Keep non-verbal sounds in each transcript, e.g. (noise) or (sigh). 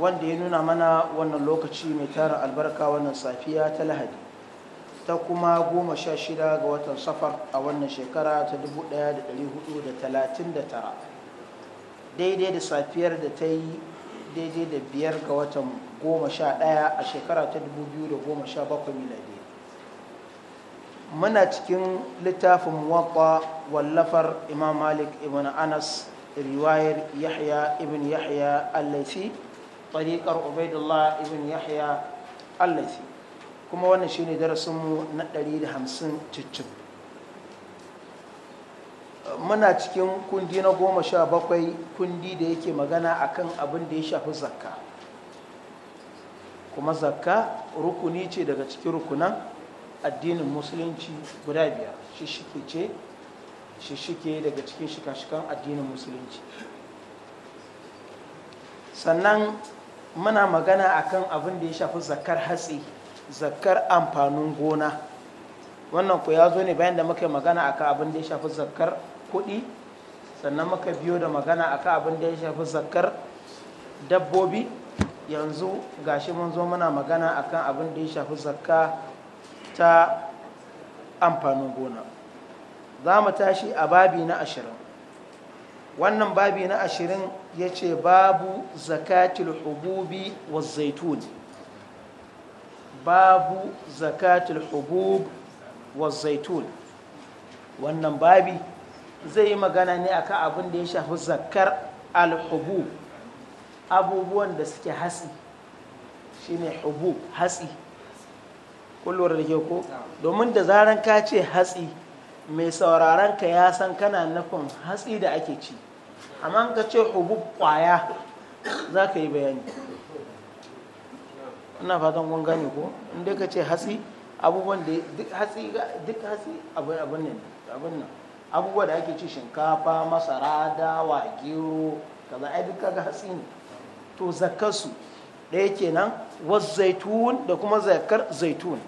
wanda ya nuna mana wannan lokaci mai tara albarka wannan safiya ta lahadi ta kuma goma sha shida ga watan safar a wannan shekara ta tara, daidai da safiyar da ta yi daidai da biyar ga watan goma sha ɗaya a shekara ta sha 2017 miladi muna cikin littafin muwaƙa wallafar imam malik ibn anas riwayar yahya ibn yahya al tariƙar ubaidullah ibn yahya allafi kuma wannan shine darasinmu na 150 cikin muna cikin kundi na goma sha bakwai kundi da yake magana akan abin da ya shafi zakka kuma zakka rukuni ce daga cikin rukunan addinin musulunci guda biyar shishike ce shishike daga cikin shika-shikan addinin musulunci sannan muna magana akan abin da ya shafi zakar hatsi zakar amfanin gona wannan ku ya zo ne bayan da muka yi magana akan abin da ya shafi zakar kuɗi sannan muka biyo da magana akan abin da ya shafi zakar dabbobi yanzu gashi mun zo muna magana akan abin da ya shafi zakka ta amfanin gona za mu tashi a babi na ashirin wannan babi na ashirin ya ce babu zakatul hububi wa zaitun babu zakatul hubub wa zaitun wannan babi zai yi magana ne akan abin da ya shafi zakar al-hubub abubuwan da suke hatsi shine hubub hatsi kullum da ke ko domin da zaran ka ce hatsi mai sauraron ka ya san kana nufin hatsi da ake ci amma an ka ce hubub kwaya za ka yi bayani ina fatan kun gane ko inda ka ce hatsi abubuwan da duk hatsi duk hatsi abin nan abubuwa da ake ci shinkafa masara dawa gero kaza ai duk kaga hatsi ne to zakarsu ɗaya kenan was zaitun da kuma zakar zaitun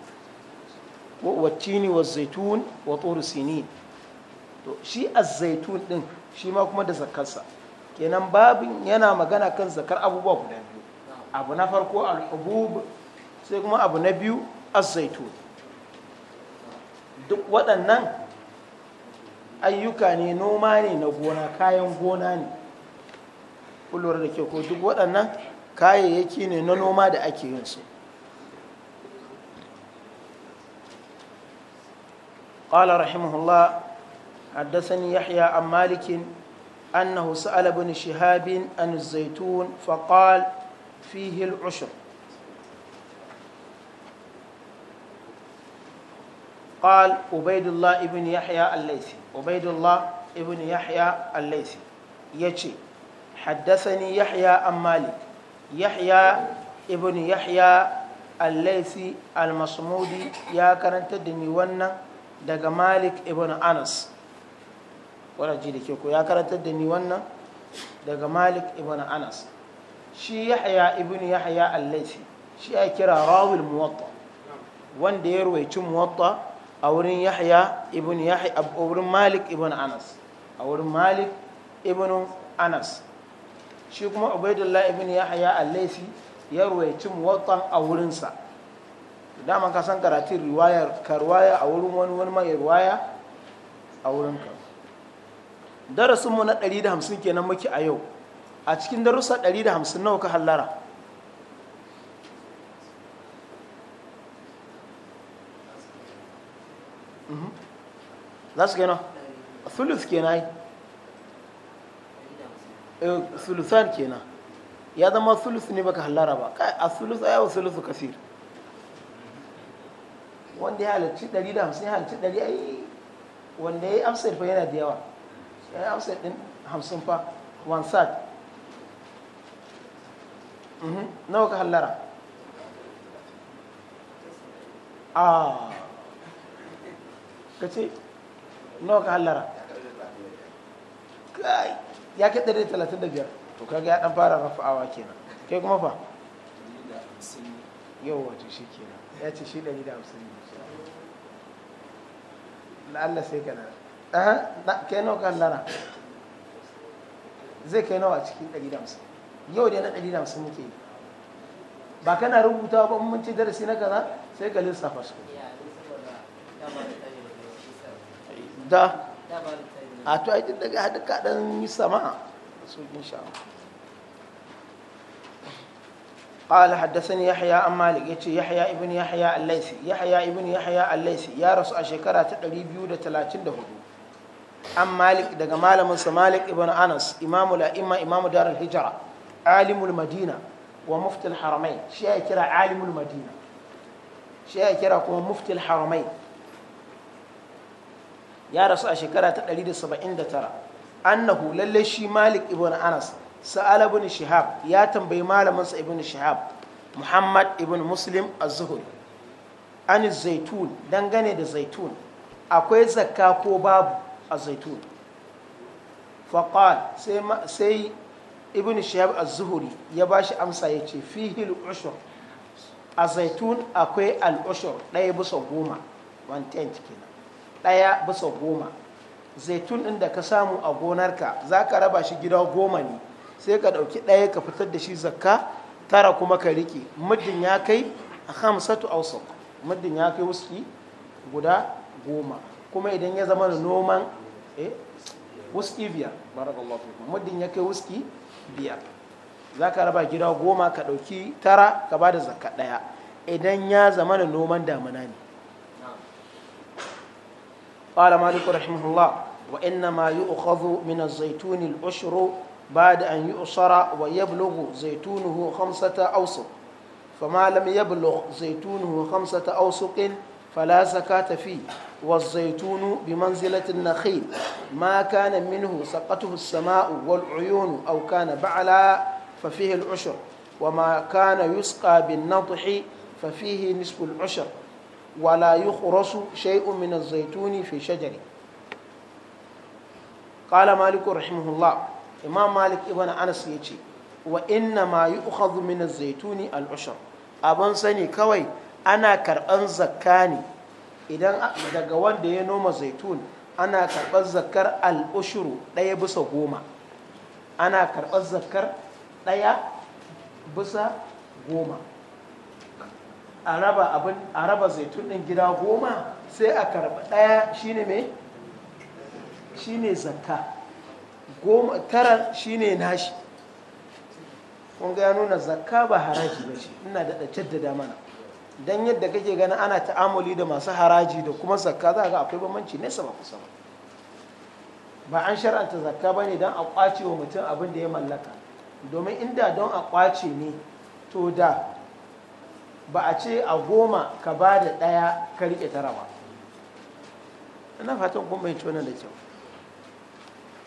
wa tini was zaitun wa tsoro sini to shi az zaitun din shi ma kuma da zakarsa kenan babin yana magana kan zakar abubuwa guda biyu abu na farko al'ubub sai kuma abu na biyu zaitun duk waɗannan ayyuka ne noma ne na gona kayan gona ne kullum da ke ko duk waɗannan kayayyaki ne na noma da ake yin su قال رحمه حدثني يحيى عن مالك أنه سأل ابن شهاب عن الزيتون فقال فيه العشر قال عبيد الله ابن يحيى الليثي عبيد الله ابن يحيى الليثي يجي حدثني يحيى عن مالك يحيى ابن يحيى الليثي المصمودي يا كرنت الدنيا ونّا daga malik ibn anas wannan ji da ke ko ya karantar da ni wannan daga malik ibn anas shi yahya ibn yahya al-laythi shi ya kira rawil muwatta wanda ya ruwaici muwatta a wurin yahya ibn yahya a wurin malik ibn anas a wurin malik ibn anas shi kuma ubaidullah ibn yahya al-laythi ya ruwaici muwatta a wurinsa daman ka san karatun riwayar ka riwaya a wurin wani wani mai riwaya a wurinka darasinmu na 150 kenan muke a yau a cikin darussa 150 nawa ka hallara mhm. za su kenan thuluth kenan eh, thuluthan kenan ya zama thuluth ne baka hallara ba kai a thuluth a yawa thuluthu kasir wanda ya halarci 150 ya halarci 100 wanda ya yi amsar fa yana da yawa ya hausa ɗin hamsin fa one sat mm-hmm. nawa ka hallara ah. ka ce nawa ka hallara ya ɗari talatin kai 135 to kaga ya ɗan fara rafa'awa kenan kai kuma fa yau wato shi kenan ya ce shi da 150 ne la'alla sai ka na Eh, ke nawa kallana zai kai nawa a cikin 150 yau dai na 150 muke yi ba kana rubuta ba mun ci darasi na kaza sai ka lissafa su da a to aikin daga haɗu kaɗan yi sama su insha قال حدثني يحيى عن مالك يتي يحيى ابن يحيى الليثي يحيى ابن يحيى الليثي يا رسول شكرا 234 an malik daga malaminsa malik ibn anas imamu la'imma imamu darul hijra alimul madina wa muftil haramai shi ya kira alimul madina shi ya kira kuma muftil haramai ya rasu a shekara ta 179 annahu lalle shi malik ibn anas sa'ala ibn shihab ya tambayi malaminsa ibn shihab muhammad ibn muslim az-zuhri an zaitun dangane da zaitun akwai zakka ko babu الزيتون فقال سي, ما سي ابن شهاب الزهري يباش أمسا يتي فيه العشر الزيتون أكوي العشر لا يبص غوما وانتين تكينا لا يبص غوما zaitun ɗin da ka samu a gonarka za ka raba shi gida goma ne sai ka ɗauki ɗaya ka fitar da shi zakka tara kuma ka riƙe muddin ya kai a hamsatu ausa muddin ya kai wuski guda goma kuma idan ya zama noman eh wuski biyar muddin ya kai wuski biyar za ka raba gida goma ka ɗauki tara ka ba da zakka ɗaya idan ya zama da noman damuna ne ƙwala maliku rahimahullah wa inna ma yi ukhadhu min zaituni al'ushru ba da an yi usara wa yablugu zaitunuhu khamsata awsuq fama lam yablugh zaitunuhu khamsata awsuqin fala zakata fi والزيتون بمنزلة النخيل ما كان منه سقته السماء والعيون أو كان بعلا ففيه العشر وما كان يسقى بالنضح ففيه نصف العشر ولا يخرس شيء من الزيتون في شجره قال مالك رحمه الله إمام مالك ابن أنس يجي وإنما يؤخذ من الزيتون العشر أبن سني كوي أنا كرأن زكاني idan daga wanda ya noma zaitun ana karɓar zakar al'ushuru ɗaya bisa goma ana karɓar zakar ɗaya bisa goma a raba abin, a raba zaitun ɗin gida goma sai a karɓi ɗaya shine mai shine zakka goma tara shine nashi kun ya nuna zakka ba haraji ba ce ina da da damana Don yadda kake ganin ana ta'amuli da masu haraji da kuma zakka za ga akwai bambanci nesa ba kusa ba ba an shar'anta zakka ba ne don a kwace wa mutum abin da ya mallaka domin inda don a kwace ne to da ba a ce a goma ka ba da ɗaya ka riƙe tara ba ina fatan kun yi tonar da kyau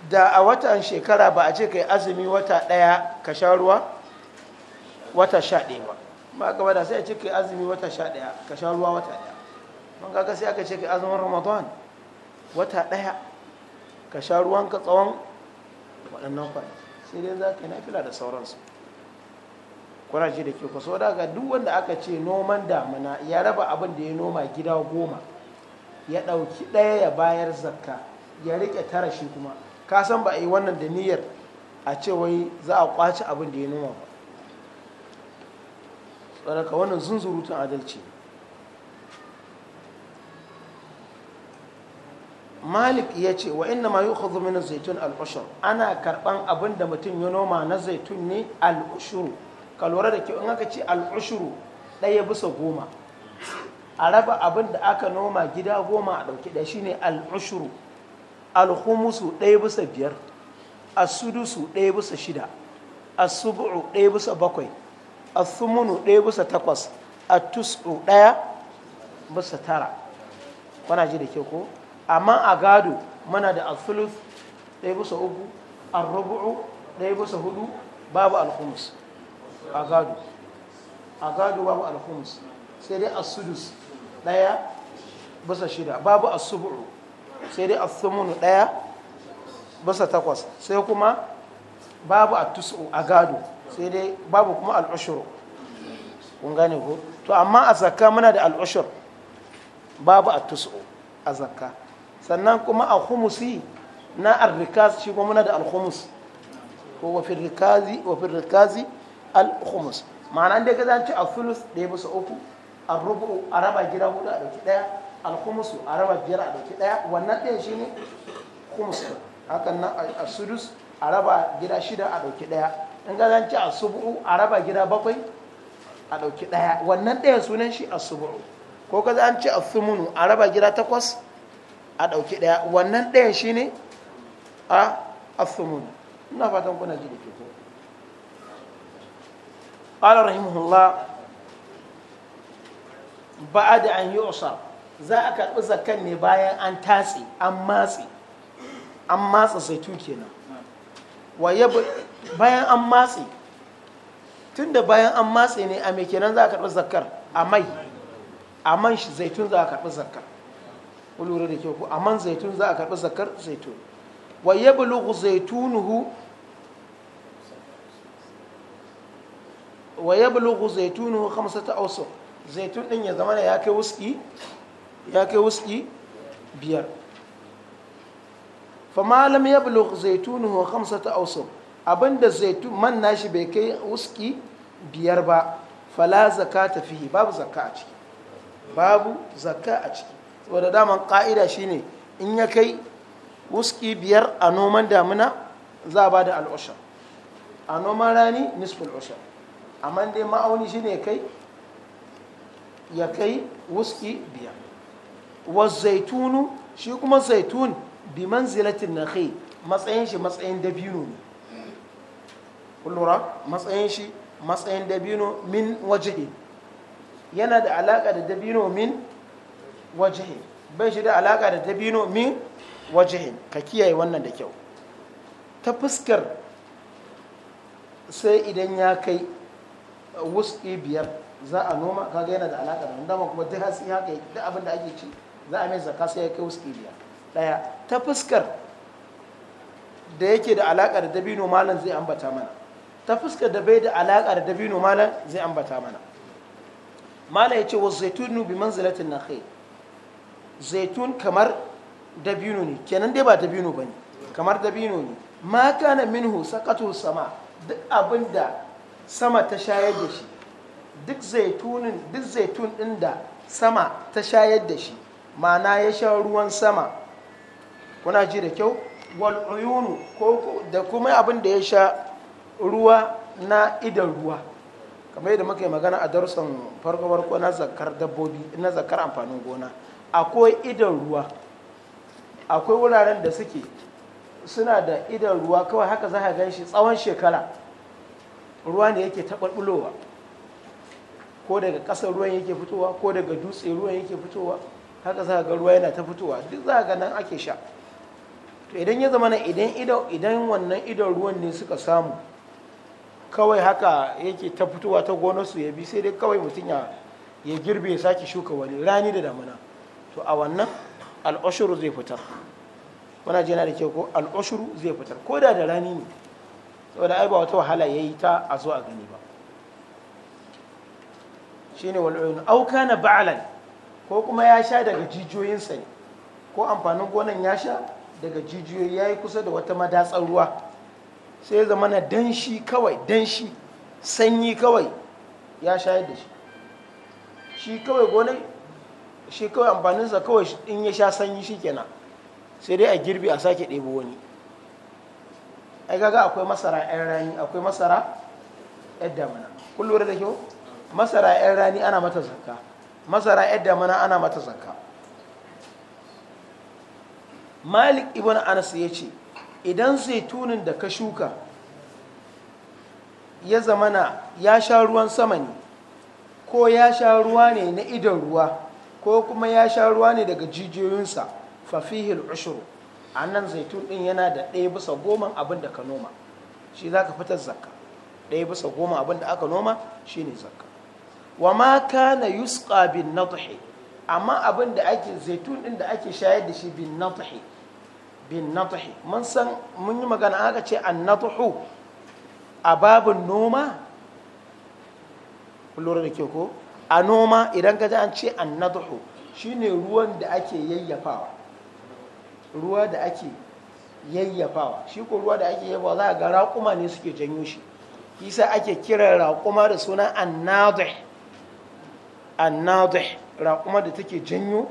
da a watan shekara ba a ce ka yi azumi wata ɗaya ka sha ruwa wata sha ɗaya ba ba ka bada sai a ce azumi wata sha ɗaya ka sha ruwa wata ɗaya ban ka sai aka ce azumin ramadan wata ɗaya ka sha ruwan ka tsawon waɗannan kwanaki sai dai za ka yi nafila da sauransu kwanaci da ke kwaso daga duk wanda aka ce noman damana ya raba abin da ya noma gida goma ya ɗauki ɗaya ya bayar zakka ya riƙe tara shi kuma ka san ba a yi wannan da niyyar a ce wai za a kwace abin da ya noma ba ka wannan zunzurutun adalci malik ya ce wa inna ma yukhadhu min zaitun al'ushur ana karban abin da mutum ya noma na zaitun ne al'ushuru ka lura da kyau in aka ce al'ushuru ɗaya bisa goma a raba abin da aka noma gida goma a ɗauki ɗaya shine al'ushuru alhumusu ɗaya bisa biyar asudusu ɗaya bisa shida asubu'u ɗaya bisa bakwai asumunu ɗaya bisa takwas a tus'u ɗaya bisa tara kwana ji da ke ko amma a gado mana da alfulus ɗaya bisa uku arrubu'u ɗaya bisa hudu babu alhumus a gado a gado babu alhumus sai dai asudus ɗaya bisa shida babu asubu'u sai dai asumunu ɗaya bisa takwas sai kuma babu a tus'u a gado sai dai babu kuma al'ushur kun gane ko to amma a zakka muna da al'ushur babu a tus'u a zakka sannan kuma a humusi na arrikaz shi kuma muna da alhumus ko wa fil rikazi wa fil rikazi al ma'ana dai ga ci a fulus ɗaya bisa uku a rubu a raba gida hudu a ɗauki ɗaya alhumus a raba biyar a ɗauki ɗaya wannan ɗaya ne humus hakan nan a sudus a raba gida shida a ɗauki ɗaya in ga zan ci asubu a raba gida bakwai a ɗauki ɗaya wannan ɗaya sunan shi asubu ko ka an ci asumunu a raba gida takwas a ɗauki ɗaya wannan ɗaya shi ne a asumunu ina fatan kuna ji da ke yi رحمه za a karɓi zakan ne bayan an أن an أم an أم sai tuke nan. bayan an matse tun da bayan an matse ne a mai kenan za a karɓi zakar a mai a man shi zaitun za a karɓi zakar lura da kyau ku a man zaitun za a karɓi zakar zaitun wa ya bulugu zaitunuhu waye ya bulugu zaitunuhu hamsata ausu zaitun ɗin ya zama ya kai wuski ya kai wuski biyar fa malam ya wa zaitunuhu khamsata awsam abinda zaitun man nashi bai kai uski biyar ba fala zakata fihi babu ciki babu zaka a ciki saboda daman ka'ida shine in ya kai uski biyar a noman damina za a ba da al'ushar a noman rani nisful ushar amma dai ma'auni shine kai ya kai uski biyar wa zaitunu shi kuma zaitun zilatin na ke matsayin shi matsayin dabino ne kullura matsayin shi matsayin dabino min wajihi yana da alaka da dabino min wajihi bai shi da alaka da dabino min wajihi ka kiyaye wannan da kyau ta fuskar sai idan ya kai wuski biyar za a noma kaga yana da alaka da wanda kuma duk hatsi haka duk abin da ake ci za a mai zaka sai ya kai wuski biyar daya ta fuskar da yake da alaƙa da dabino malam zai ambata mana ta fuskar da bai da alaƙa da dabino malam zai ambata mana malam ya ce wasu zaitunu bi manzilatin na kai zaitun kamar dabino ne kenan dai ba dabino ba ne kamar dabino ne ma kana minhu sakatu sama duk abin da sama ta shayar da shi duk zaitunin duk zaitun ɗin da sama ta shayar da shi ma'ana ya sha ruwan sama kuna ji da kyau wal uyunu ko da kuma abin da ya sha ruwa na idan ruwa kamar yadda muka yi magana a darussan farko farko na zakar dabbobi na zakar amfanin gona akwai idan ruwa akwai wuraren da suke suna da idan ruwa kawai haka za ka gan shi tsawon shekara ruwa ne yake taɓaɓɓulowa ko daga ƙasar ruwan yake fitowa ko daga dutse ruwan yake fitowa haka za ka ga ruwa yana ta fitowa duk za ka ga nan ake sha to idan ya zama idan idan wannan idan ruwan ne suka samu kawai haka yake ta fitowa ta gonarsu ya bi sai dai kawai mutum ya girbe ya sake shuka wani rani da damuna to a wannan al'ashuru zai fitar wana jina da ke ko al'ashuru zai fitar ko da da rani ne saboda ai ba wata wahala ya yi ta a zo a gani ba Shi ne wal'uyun auka na ba'alan ko kuma ya sha daga jijiyoyinsa ne ko amfanin gonan ya sha daga jijiyoyi ya yi kusa da wata madatsar ruwa sai zama na danshi kawai danshi sanyi kawai ya shayar da shi shi kawai gonar shi kawai amfaninsa kawai in ya sha sanyi shi kenan sai dai a girbi a sake ɗebo wani ai gaga akwai masara 'yan rani akwai masara 'yan damana kullum da kyau masara 'yan rani ana mata zakka masara 'yan damana ana mata zakka malik ibn anas ya ce idan zaitunin da ka shuka ya zamana ya sha ruwan sama ne ko ya sha ruwa ne na idon ruwa ko kuma ya sha ruwa ne daga jijiyoyinsa fafihil ushuru a nan zaitun ɗin yana da ɗaya bisa goma abin da ka noma shi za ka fitar zakka ɗaya bisa goma abin da aka noma shi ne zakka wa ma na yusqa bin nadhi amma abin da ake zaitun ɗin da ake shayar da shi bin nadhi bin natuhi mun san mun yi magana aka ce an natuhu a babin noma lura da ke ko a noma idan ka ji an ce an natuhu shine ruwan da ake yayyafawa ruwa da ake yayyafawa shi ko ruwa da ake yayyafawa za a ga raƙuma ne suke janyo shi isa ake kira raƙuma da suna an raƙuma da take janyo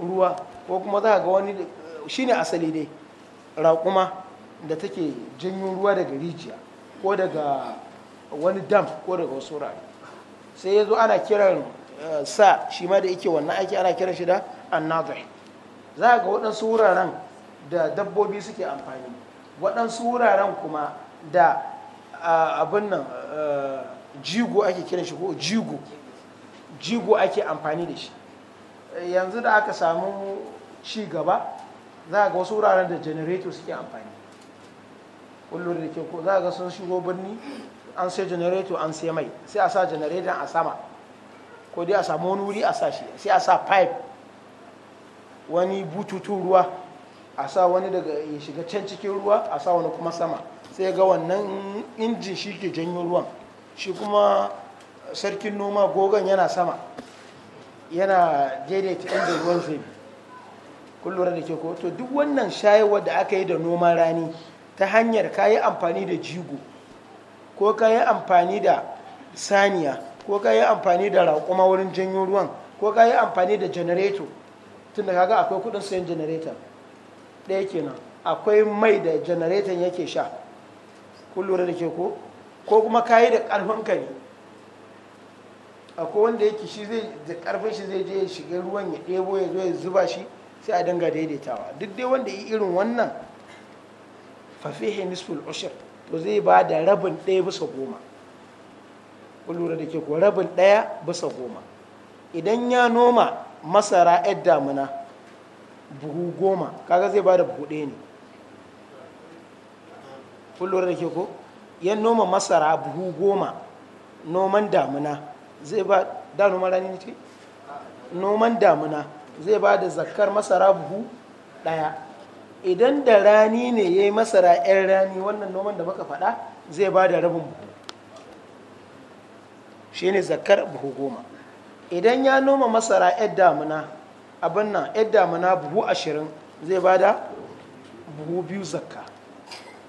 ruwa ko kuma za a ga wani shine asali dai raƙuma da take janyo ruwa daga rijiya ko daga wani dam ko daga wasu wurare sai ya zo ana kiran eh, sa shi ma da yake wannan aiki ana kiran shi da annadhi za ga waɗansu wuraren da dabbobi suke amfani waɗansu wuraren kuma da eh, abin nan eh, jigo ake kiran shi ko jigo jigo ake amfani da shi yanzu da aka samu ci gaba za ga wasu wuraren da janareto suke amfani kullum da ke ko za ga sun shigo birni an sai janareto an sai mai sai a sa janareton a sama ko dai a samu wani wuri a sa shi sai a sa pipe wani bututun ruwa a sa wani daga ya shiga can cikin ruwa a sa wani kuma sama sai ga wannan injin shi ke janyo ruwan shi kuma sarkin noma gogon yana sama yana daidaita inda ruwan zai bi kun da ke to duk wannan shayarwar da aka yi da noman rani ta hanyar ka yi amfani da jigo ko ka yi amfani da saniya ko ka yi amfani da raƙuma wurin janyo ruwan ko ka yi amfani da janareto tunda kaga akwai kudin sayan janareta ɗaya kenan akwai mai da janareton yake sha kun lura da ke ko kuma ka yi da ƙarfin ka ne akwai wanda yake shi zai da ƙarfin shi zai je ya shiga ruwan ya ɗebo ya zo ya zuba shi sai a dinga daidaitawa duk dai wanda yi irin wannan fafihe nisful ushir to zai ba da rabin ɗaya bisa goma kun lura da ke ko rabin ɗaya bisa goma idan ya noma masara 'yar damuna buhu goma kaga zai ba da buhu ɗaya ne kun lura da ke ko ya noma masara buhu goma noman damuna zai ba da noman rani ne ce noman damuna zai ba da zakar masara buhu ɗaya idan da rani ne ya yi masara 'yan rani wannan noman da muka faɗa zai ba da rabin buhu shi ne zakar buhu goma idan ya noma masara 'yan damuna abin nan 'yan damuna buhu ashirin zai ba da buhu biyu zakka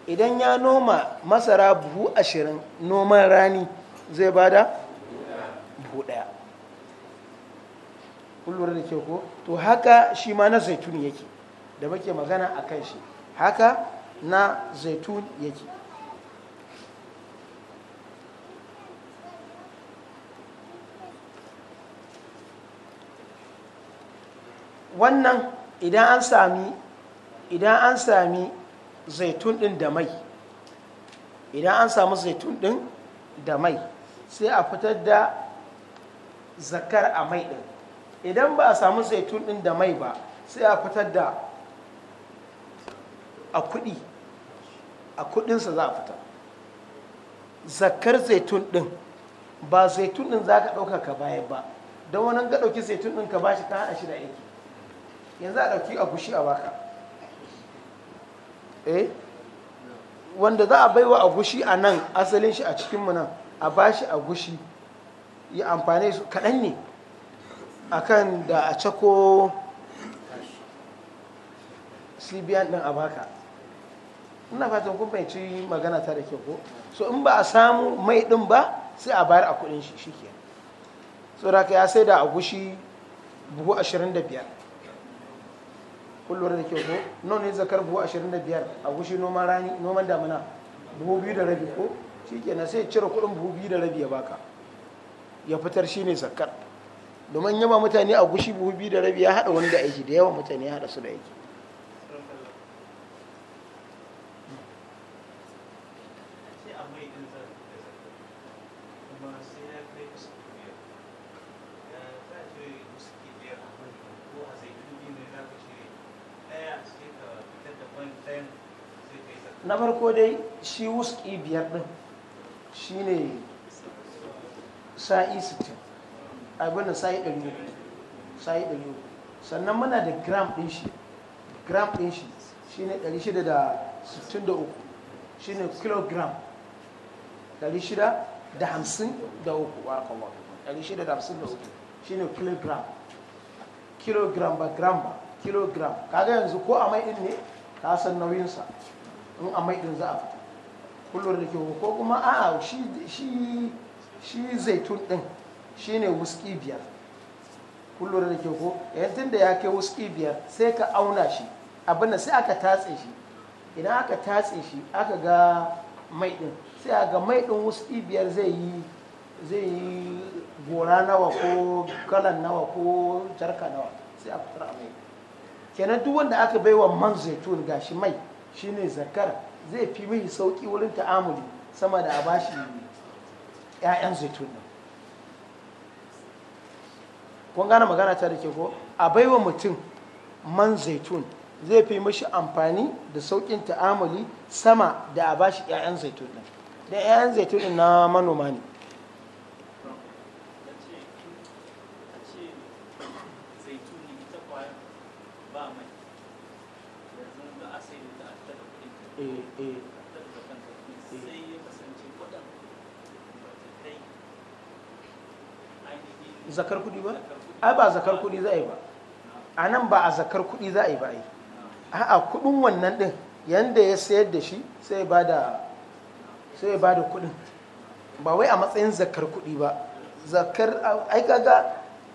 idan ya noma masara buhu ashirin noman rani zai ba da buhu ɗaya kullum da ke ko to haka shi ma na zaitun yake da muke magana a kan shi haka na zaitun yake wannan idan an sami idan an sami zaitun din da mai idan an sami zaitun din da mai sai a fitar da zakar a mai din idan ba a samu zaitun din da mai ba sai a fitar da a kudi a kudinsa za a fitar zakar zaitun din ba zaitun din za ka dauka ka baya ba don wani ga ɗauki zaitun din ka bashi ta hana shi da aiki yanzu a ɗauki a gushi a baka eh wanda za a baiwa a gushi a nan asalin shi a cikinmu nan a bashi a gushi ya amfane su kaɗan ne akan da a cako cbn din a baka ina fatan kun fahimci magana ta da ke ko so in ba a samu mai din ba sai a bayar a kudin shi shike so da ya sai da agushi buhu 25 kullum da ke ko non ne zakar buhu 25 agushi noman rani noman damina buhu biyu da rabi ko shike na sai cire kudin buhu biyu da rabi ya baka ya fitar ne zakar domin yaba mutane a gushi buhu biyu da rabi ya haɗa wani da aiki da yawan mutane ya haɗa su da aiki na farko dai shi wuski biyar ɗin shi ne sa'i sittin abin da sa'i ɗari uku sa'i ɗari uku sannan muna da gram ɗin shi gram ɗin shi shi ne ɗari shida da sittin da uku shi ne kilogram ɗari shida da hamsin da uku wa kama ɗari shida da hamsin da uku shi ne kilogram kilogram ba gram ba kilogram kaga yanzu ko a mai ɗin ne ka san nauyinsa in a mai ɗin za a fita kullum da ke ko kuma a shi zaitun ɗin shine wuski biyar kullum da ke ko da ya kai wuski biyar sai ka auna shi abin da sai aka tatse shi idan aka tatse shi aka ga mai din sai a ga mai din wuski biyar zai yi zai yi gora nawa ko kalan nawa ko jarka nawa sai a fitar mai kenan duk wanda aka baiwa man zaitun ga shi mai shine zakar zai fi mai sauki wurin ta'amuli sama da a bashi 'ya'yan zaitun nan kun gane magana ta da ke ko a baiwa mutum man zaitun zai fi mashi amfani da sauƙin ta'amali sama da a bashi 'ya'yan zaitun ɗin da 'ya'yan zaitun ɗin na manoma ne eh, eh. zakar kudi ba? ai ba zakar kuɗi za a yi ba a nan ba a zakar kuɗi za a yi ba ai a'a kuɗin wannan ɗin yanda ya sayar da shi sai ya bada da kuɗin ba wai a matsayin zakar kuɗi ba zakar ai kaga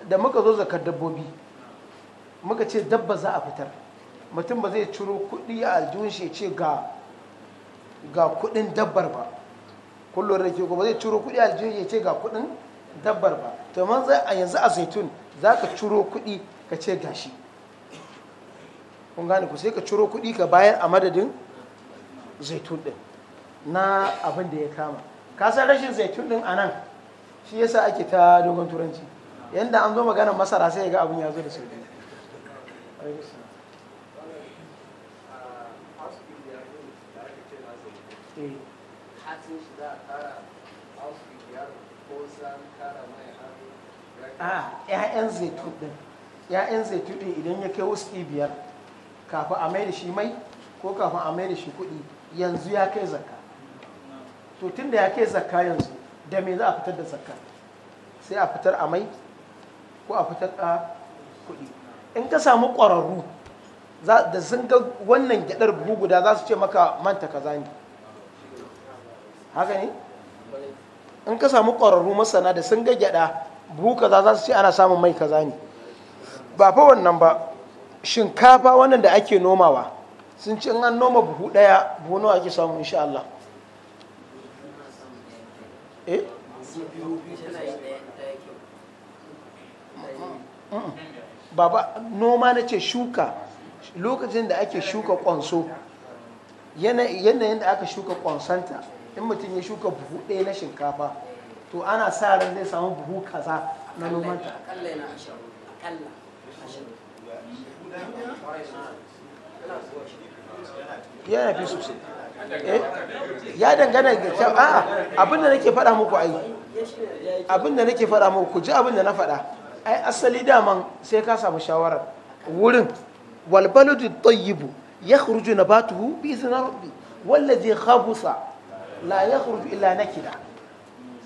da muka zo zakar dabbobi muka ce dabba za a fitar mutum ba zai ciro kuɗi a aljihun shi ce ga ga kuɗin dabbar ba kullum da ke ba zai ciro kuɗi a aljihun ya ce ga kuɗin dabbar ba to man yanzu a zaitun za ka ciro kuɗi ka ce gashi kun gane ku sai ka ciro kuɗi ka bayan a madadin zaitun ɗin na abin da ya kama kasan rashin zaitun ɗin a nan shi yasa ake ta dogon turanci yadda an zo maganar masara sai ga abin ya zo da sauki eh. a ah, ƴaƴan zaitun din ƴaƴan zaitun ɗin idan ya kai wasu biyar kafin a mai da shi mai ko kafin a mai da shi kuɗi yanzu ya kai zakka to tun da ya kai zakka yanzu da me za a fitar da zakka sai a fitar a mai ko a fitar a kuɗi in ka samu ƙwararru da sun ga wannan gyaɗar buhu guda za su ce maka manta kaza ne haka ne in ka samu ƙwararru masana da sun ga gyaɗa buhu kaza za su ce ana samun mai kaza ne ba fa wannan ba shinkafa wannan da ake nomawa sun ce an noma buhu daya buhu nawa ake samu insha Allah eh baba noma na ce shuka lokacin da ake shuka kwanso yanayin da aka shuka kwansanta in mutum ya shuka buhu ɗaya na shinkafa to ana sa ran zai samu buhu kaza na nomanta yana fi sosai Eh ya dangana ga kyau a abinda nake faɗa muku ai abinda nake faɗa muku ku ji abinda na faɗa ai asali daman sai ka samu shawarar wurin walbaladu tayyibu ya khuruju nabatuhu bi izinin rabbi wallazi khabusa la ya khuruju illa nakida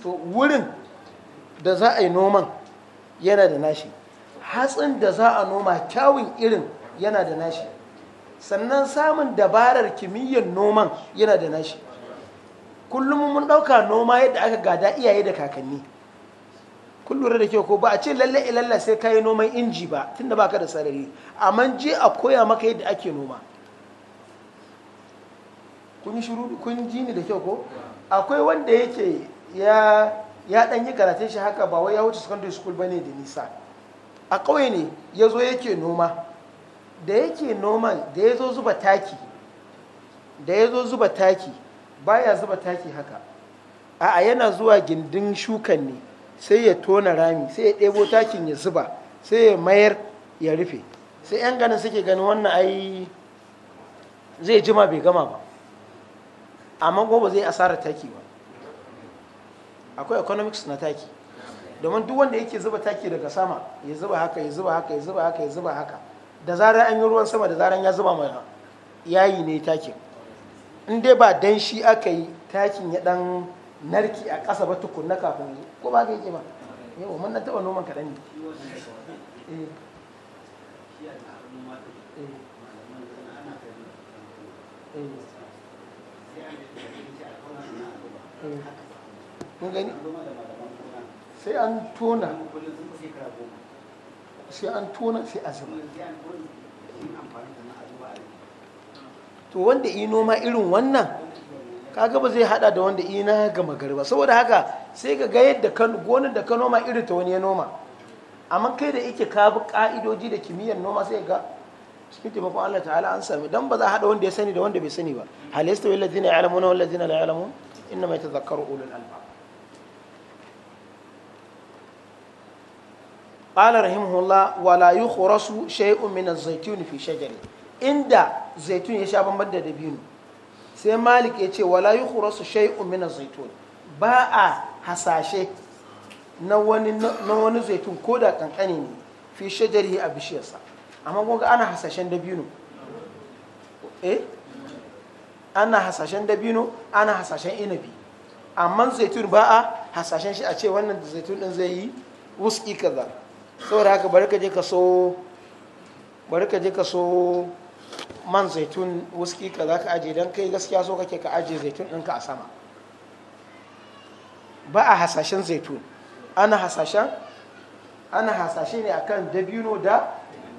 to wurin da za a yi noman yana da nashi hatsin da za a noma kyawun irin yana da nashi sannan samun dabarar kimiyyar noman yana da nashi kullum mun ɗauka noma yadda aka gada iyaye da kakanni kun lura da kyau ko ba a ce lalle ilalla sai ka yi noman inji ba tunda baka da sarari amma je a koya maka yadda ake noma kun yi ji ni da kyau ko akwai wanda yake ya ya dan yi karatun shi haka ba wai ya wuce secondary school bane da nisa a ƙauye ne ya zo yake noma da yake noman da ya zo zuba taki da ya zo zuba taki ba ya zuba taki haka a yana zuwa gindin shukan ne sai ya tona rami sai ya ɗebo takin ya zuba sai ya mayar ya rufe sai 'yan ganin suke ganin wannan ai zai jima bai gama ba amma gobe zai asara taki ba akwai economics na taki domin duk wanda yake zuba taki daga sama ya zuba haka ya zuba haka ya zuba haka ya zuba haka da zarar an yi ruwan sama da zarar ya zuba mana yayi ne takin in dai ba dan shi aka yi takin ya dan narki a kasa ba tukunna kafin yi ko ba ka yake ba yawa mun na taɓa noman kaɗan ne eh, eh. eh. eh. kun gani sai an tona sai an tona sai a to wanda yi noma irin wannan kaga ba zai hada da wanda yi na gama gari ba saboda haka sai ka ga yadda gonar da ka noma irin ta wani ya noma amma kai da yake ka bi ka'idoji da kimiyyar noma sai ga cikin taimakon Allah ta'ala an sami dan ba za a hada wanda ya sani da wanda bai sani ba halista wallazina ya'lamuna wallazina la ya'lamun inna ma yatadhakkaru ulul albab qala rahimahullah wa la yukhrasu shay'un min az-zaytun fi shajari inda zaitun ya sha bambar da dabino sai malik ya ce wa la yukhrasu shay'un min az-zaytun ba a hasashe na wani zaitun ko da kankani ne fi shajari a bishiyarsa amma kun ana hasashen dabinu eh ana hasashen dabinu ana hasashen inabi amma zaitun ba a hasashen shi a ce wannan zaitun din zai yi wuski kaza saboda haka bari ka je ka so man zaitun wuski ka za ka aje don kai gaskiya so kake ka aje zaitun ɗinka a sama ba a hasashen zaitun ana hasashen ana hasashe ne akan dabino da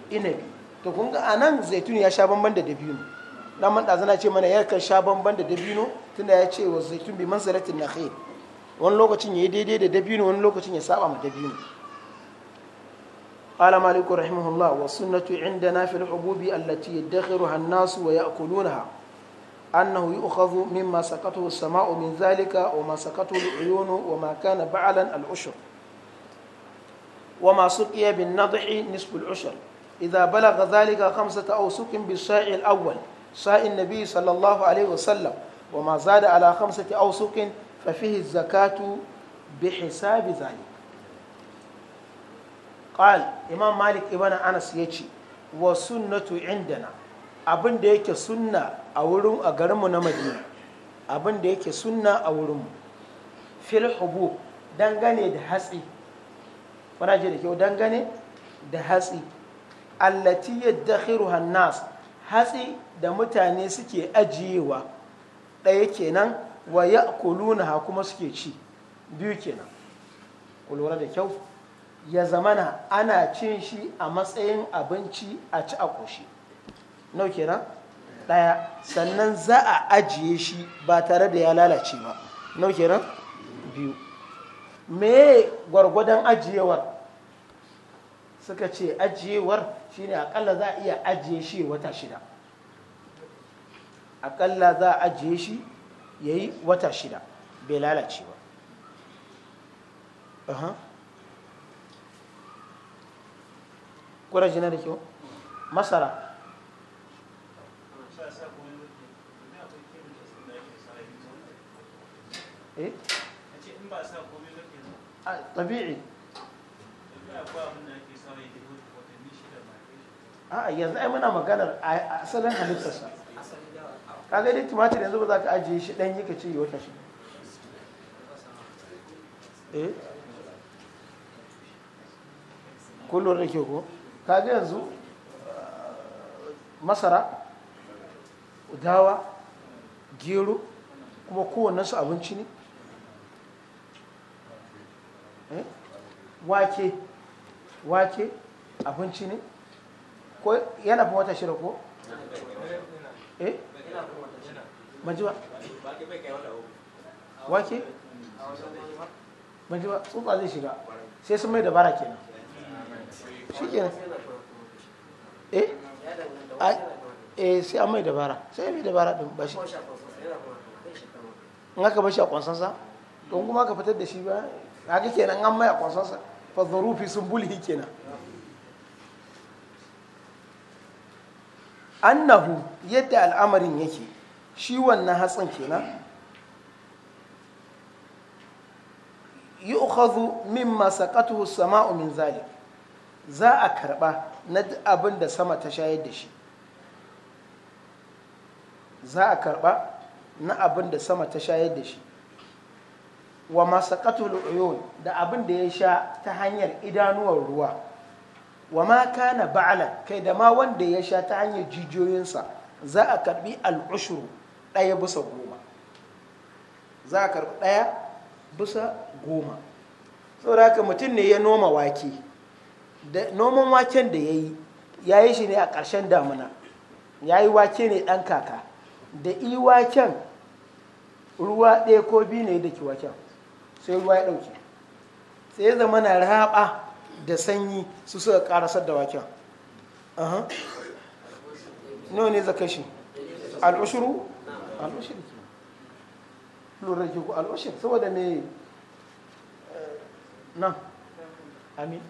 inabi to kun ga anan zaitun ya sha bamban da dabino dan man dazana ce mana ya kan sha bamban da dabino tunda ya ce wa zaitun bi manzaratin na wani lokacin ya yi daidai da dabino wani lokacin ya saba ma dabino قال مالك رحمه الله والسنة عندنا في الحبوب التي يدخرها الناس ويأكلونها أنه يؤخذ مما سقطه السماء من ذلك وما سقطه العيون وما كان بعلا العشر وما سقي بالنضح نصف العشر إذا بلغ ذلك خمسة أو سق بالشاء الأول شاء النبي صلى الله عليه وسلم وما زاد على خمسة أو سق ففيه الزكاة بحساب ذلك qal imam malik ibn anas yace wa sunnatu indana abin da yake sunna a wurin a garinmu na madina abin da yake sunna a wurinmu fil hubub dangane da hatsi kuna da kyau dangane da hatsi allati yaddakhiru hannas hatsi da mutane suke ajiyewa ɗaya kenan wa ya'kuluna kuma suke ci biyu kenan ku lura da kyau ya zamana ana cin shi a matsayin abinci a ci a ƙoshi nau kenan ɗaya sannan za a ajiye shi ba tare da ya lalace ba nau kenan biyu me gwargwadon ajiyewar suka ce ajiyewar shine akalla za a iya ajiye shi wata shida akalla za a ajiye shi ya yi wata shida bai lalace ba kura jina da kyau masara eh a yanzu ai muna maganar asalin halittarsa ka ga dai tumatir yanzu ba za ka ajiye shi ɗan yi ka ci yi wata shi eh kullum da ke ko kaga yanzu masara dawa gero kuma kowannensu abinci ne eh? wake wake abinci ne ko yana fi wata shida ko? eh? majiwa? wake? majiwa tsutsa zai shiga sai sun mai dabara kenan shi kenan eh eh sai an mai dabara sai mai dabara din ba shi in aka bashi a kwansansa don kuma aka fitar da shi ba haka kenan an mai a kwansansa fa zarufi sun bulhi kenan annahu yadda al'amarin yake shi wannan hatsin kenan yi min masakatu saqatuhu sama'u min zalik za a karba na abin da sama ta shayar da shi za a karba na abin da sama ta shayar da shi wa masaqatul uyun da abin da ya sha ta hanyar idanuwar ruwa wa ma kana ba'lan kai da ma wanda ya sha ta hanyar jijiyoyinsa za a karbi al'ushuru ɗaya bisa goma za a karbi ɗaya bisa goma saboda haka mutum ne ya noma wake noman waken da ya yi ya yi shi ne a ƙarshen damuna ya yi wake ne ɗan kaka da i waken ruwa ɗaya ko biyu ne da ke waken sai ruwa ya ɗauke sai zama na raɓa da sanyi su suka ƙarasar da waken nawa ne zaka shi al'ushuru al'ushuru lura ke ku al'ushuru saboda mai eh, nan amin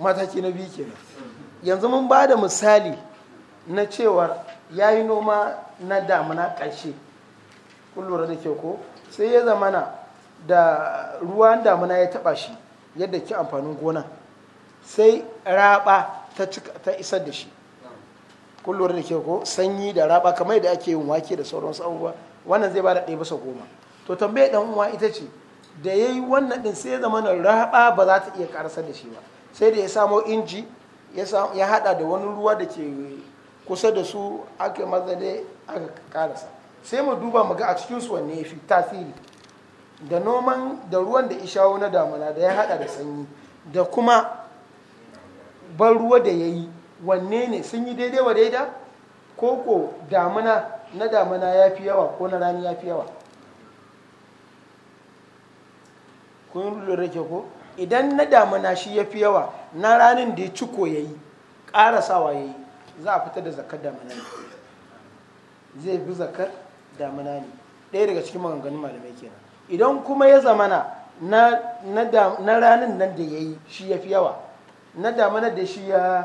mataki na biyu kenan yanzu mun ba da misali na cewar ya yi noma na damuna ƙarshe kun da ke ko sai ya zamana da ruwan damuna ya taɓa shi yadda ke amfanin gona sai raba ta isar da shi kullum da ke ko sanyi da raba kamar da ake yin wake da sauransu abubuwa wannan zai bada ɗaya bisa goma to tambayar dan uwa ita ce da ya yi wannan ɗin sai zama na raba ba za ta iya karasar da shi ba sai da ya samo inji ya haɗa da wani ruwa da ke kusa da su aka maza da aka karasa sai mu duba mu ga a cikin su wanne ya fi tasiri da noman da ruwan da ishawo na damuna da ya haɗa da sanyi da kuma ban ruwa da ya yi wanne ne sun yi daidai wa daida ko ko damuna na damuna ya fi yawa ko na rani ya fi yawa kun lura ke ko idan na damuna shi ya fi yawa na ranin da ya ciko ya yi ƙarasawa ya yi za a fita da zakar damuna ne zai fi zakar damuna ne ɗaya daga cikin maganganun malamai kenan idan kuma ya zamana na ranin nan da ya yi shi ya fi yawa na damuna da shi ya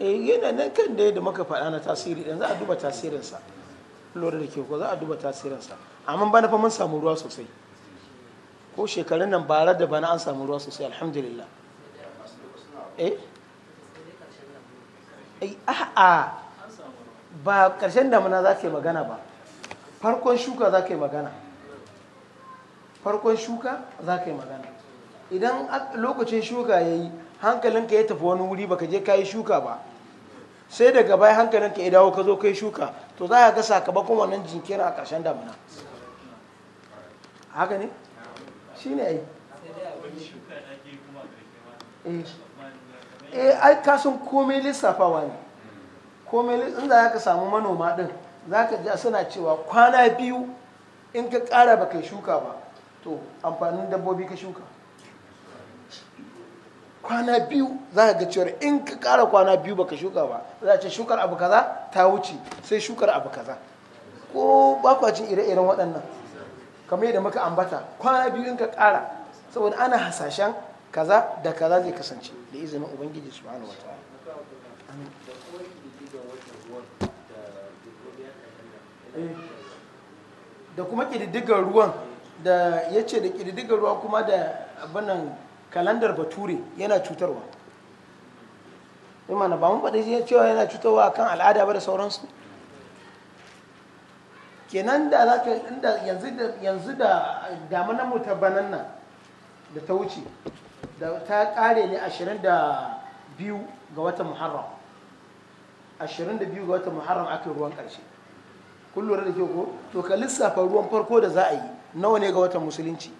eh yana nan kan da yadda muka faɗa na tasiri dan za a duba tasirinsa lura da ke ko za a duba tasirinsa amma bana fa mun samu ruwa sosai ko shekarun nan bara da bana an samu ruwa sosai alhamdulillah eh, eh a ba karshen damuna za ka yi magana ba farkon shuka za ka yi magana farkon shuka za ka yi magana idan lokacin shuka ya yi hankalinka ya tafi wani wuri baka je ka yi shuka ba sai daga bayan hankalinka ya dawo ka zo ka yi shuka to za ka ga sakamakon wannan jinkirin a ƙarshen damina haka ne shi ne ya eh, eh ai kasan komai lissafawa ne komai inda za ka samu manoma din za ka ji suna cewa kwana biyu in ka ƙara yi shuka ba to amfanin dabbobi ka shuka kwana biyu za ka ga cewar in ka kara kwana biyu baka shuka ba za ce shukar abu kaza ta wuce sai shukar abu kaza ko bakwacin ire-iren waɗannan kamar yadda muka ambata kwana biyu in ka kara saboda ana hasashen kaza da kaza zai kasance da izinin ubangiji su wa wata. da kuma ƙididdigar ruwan da ya ce da ƙididdigar ruwa kuma da abinan kalandar bature yana cutarwa imana ba mun faɗi cewa yana cutarwa kan al'ada ba da sauransu kenan da za ka inda yanzu da yanzu da damunan mu ta banan nan da ta wuce da ta kare ne 22 ga watan Muharram 22 ga watan Muharram aka ruwan ƙarshe, kun lura da ke ko to ka lissafa ruwan farko da za a yi nawa ne ga watan musulunci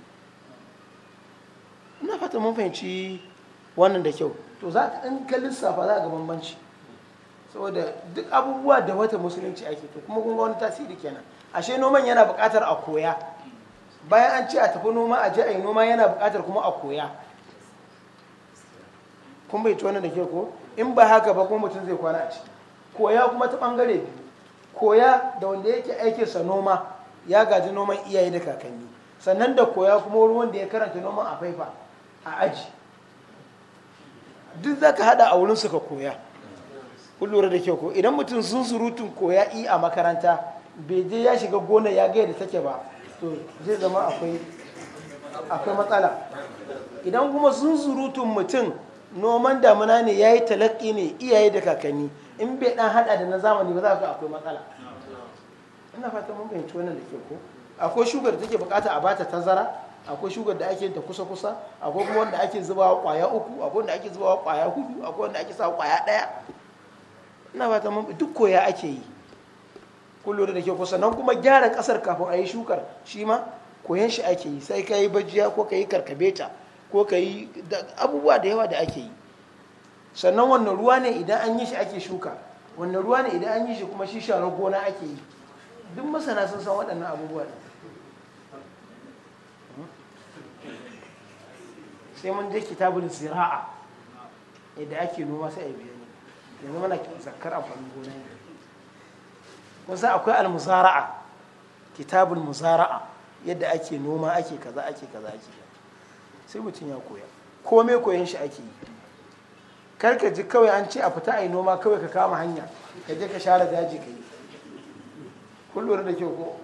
ina fata mun fahimci wannan da kyau to za ka ɗan ka lissafa za ga bambanci saboda duk abubuwa da wata musulunci ake to kuma kun ga wani tasiri kenan ashe noman yana buƙatar a koya bayan an ce a tafi noma a je a yi noma yana buƙatar kuma a koya kun bai wannan da ke ko in ba haka ba kuma mutum zai kwana a ci. koya kuma ta ɓangare koya da wanda yake aikin sa noma ya gaji noman iyaye da kakanni sannan da koya kuma wani wanda ya karanta noman a faifa a aji duk za ka haɗa a wurin ka koya kun da kyau ko idan mutum sun surutun koya i a makaranta bai je ya shiga gona ya gaya da take ba to zai zama akwai akwai matsala idan kuma sun surutun mutum noman damuna ne ya yi talaki ne iyaye da kakanni in bai ɗan haɗa da na zamani ba za ka akwai matsala ina fata mun fahimci wannan da kyau ko akwai shugar da take bukata a bata tazara akwai shugar da ake ta kusa kusa akwai kuma wanda ake wa kwaya uku akwai wanda ake wa kwaya hudu akwai wanda ake sawa kwaya daya ina ba ta duk koya ake yi kullum da ke kusa nan kuma gyara kasar kafin a yi shukar shi ma koyan shi ake yi sai ka yi bajiya ko ka yi karkabeta ko ka yi abubuwa da yawa da ake yi sannan wannan ruwa ne idan an yi shi ake shuka wannan ruwa ne idan an yi shi kuma shi sharar gona ake yi duk masana sun san waɗannan abubuwa ne sai mun je kitabul zira'a idan ake noma sai a yi bayani yanzu mana zakar amfanin gona ne kusa akwai almuzara'a kitabul muzara'a yadda ake noma ake kaza ake kaza ake sai mutum ya koya komai koyan shi ake yi kar ka ji kawai an ce a fita a yi noma kawai ka kama hanya ka je ka share daji ka yi Kullum da kyau ko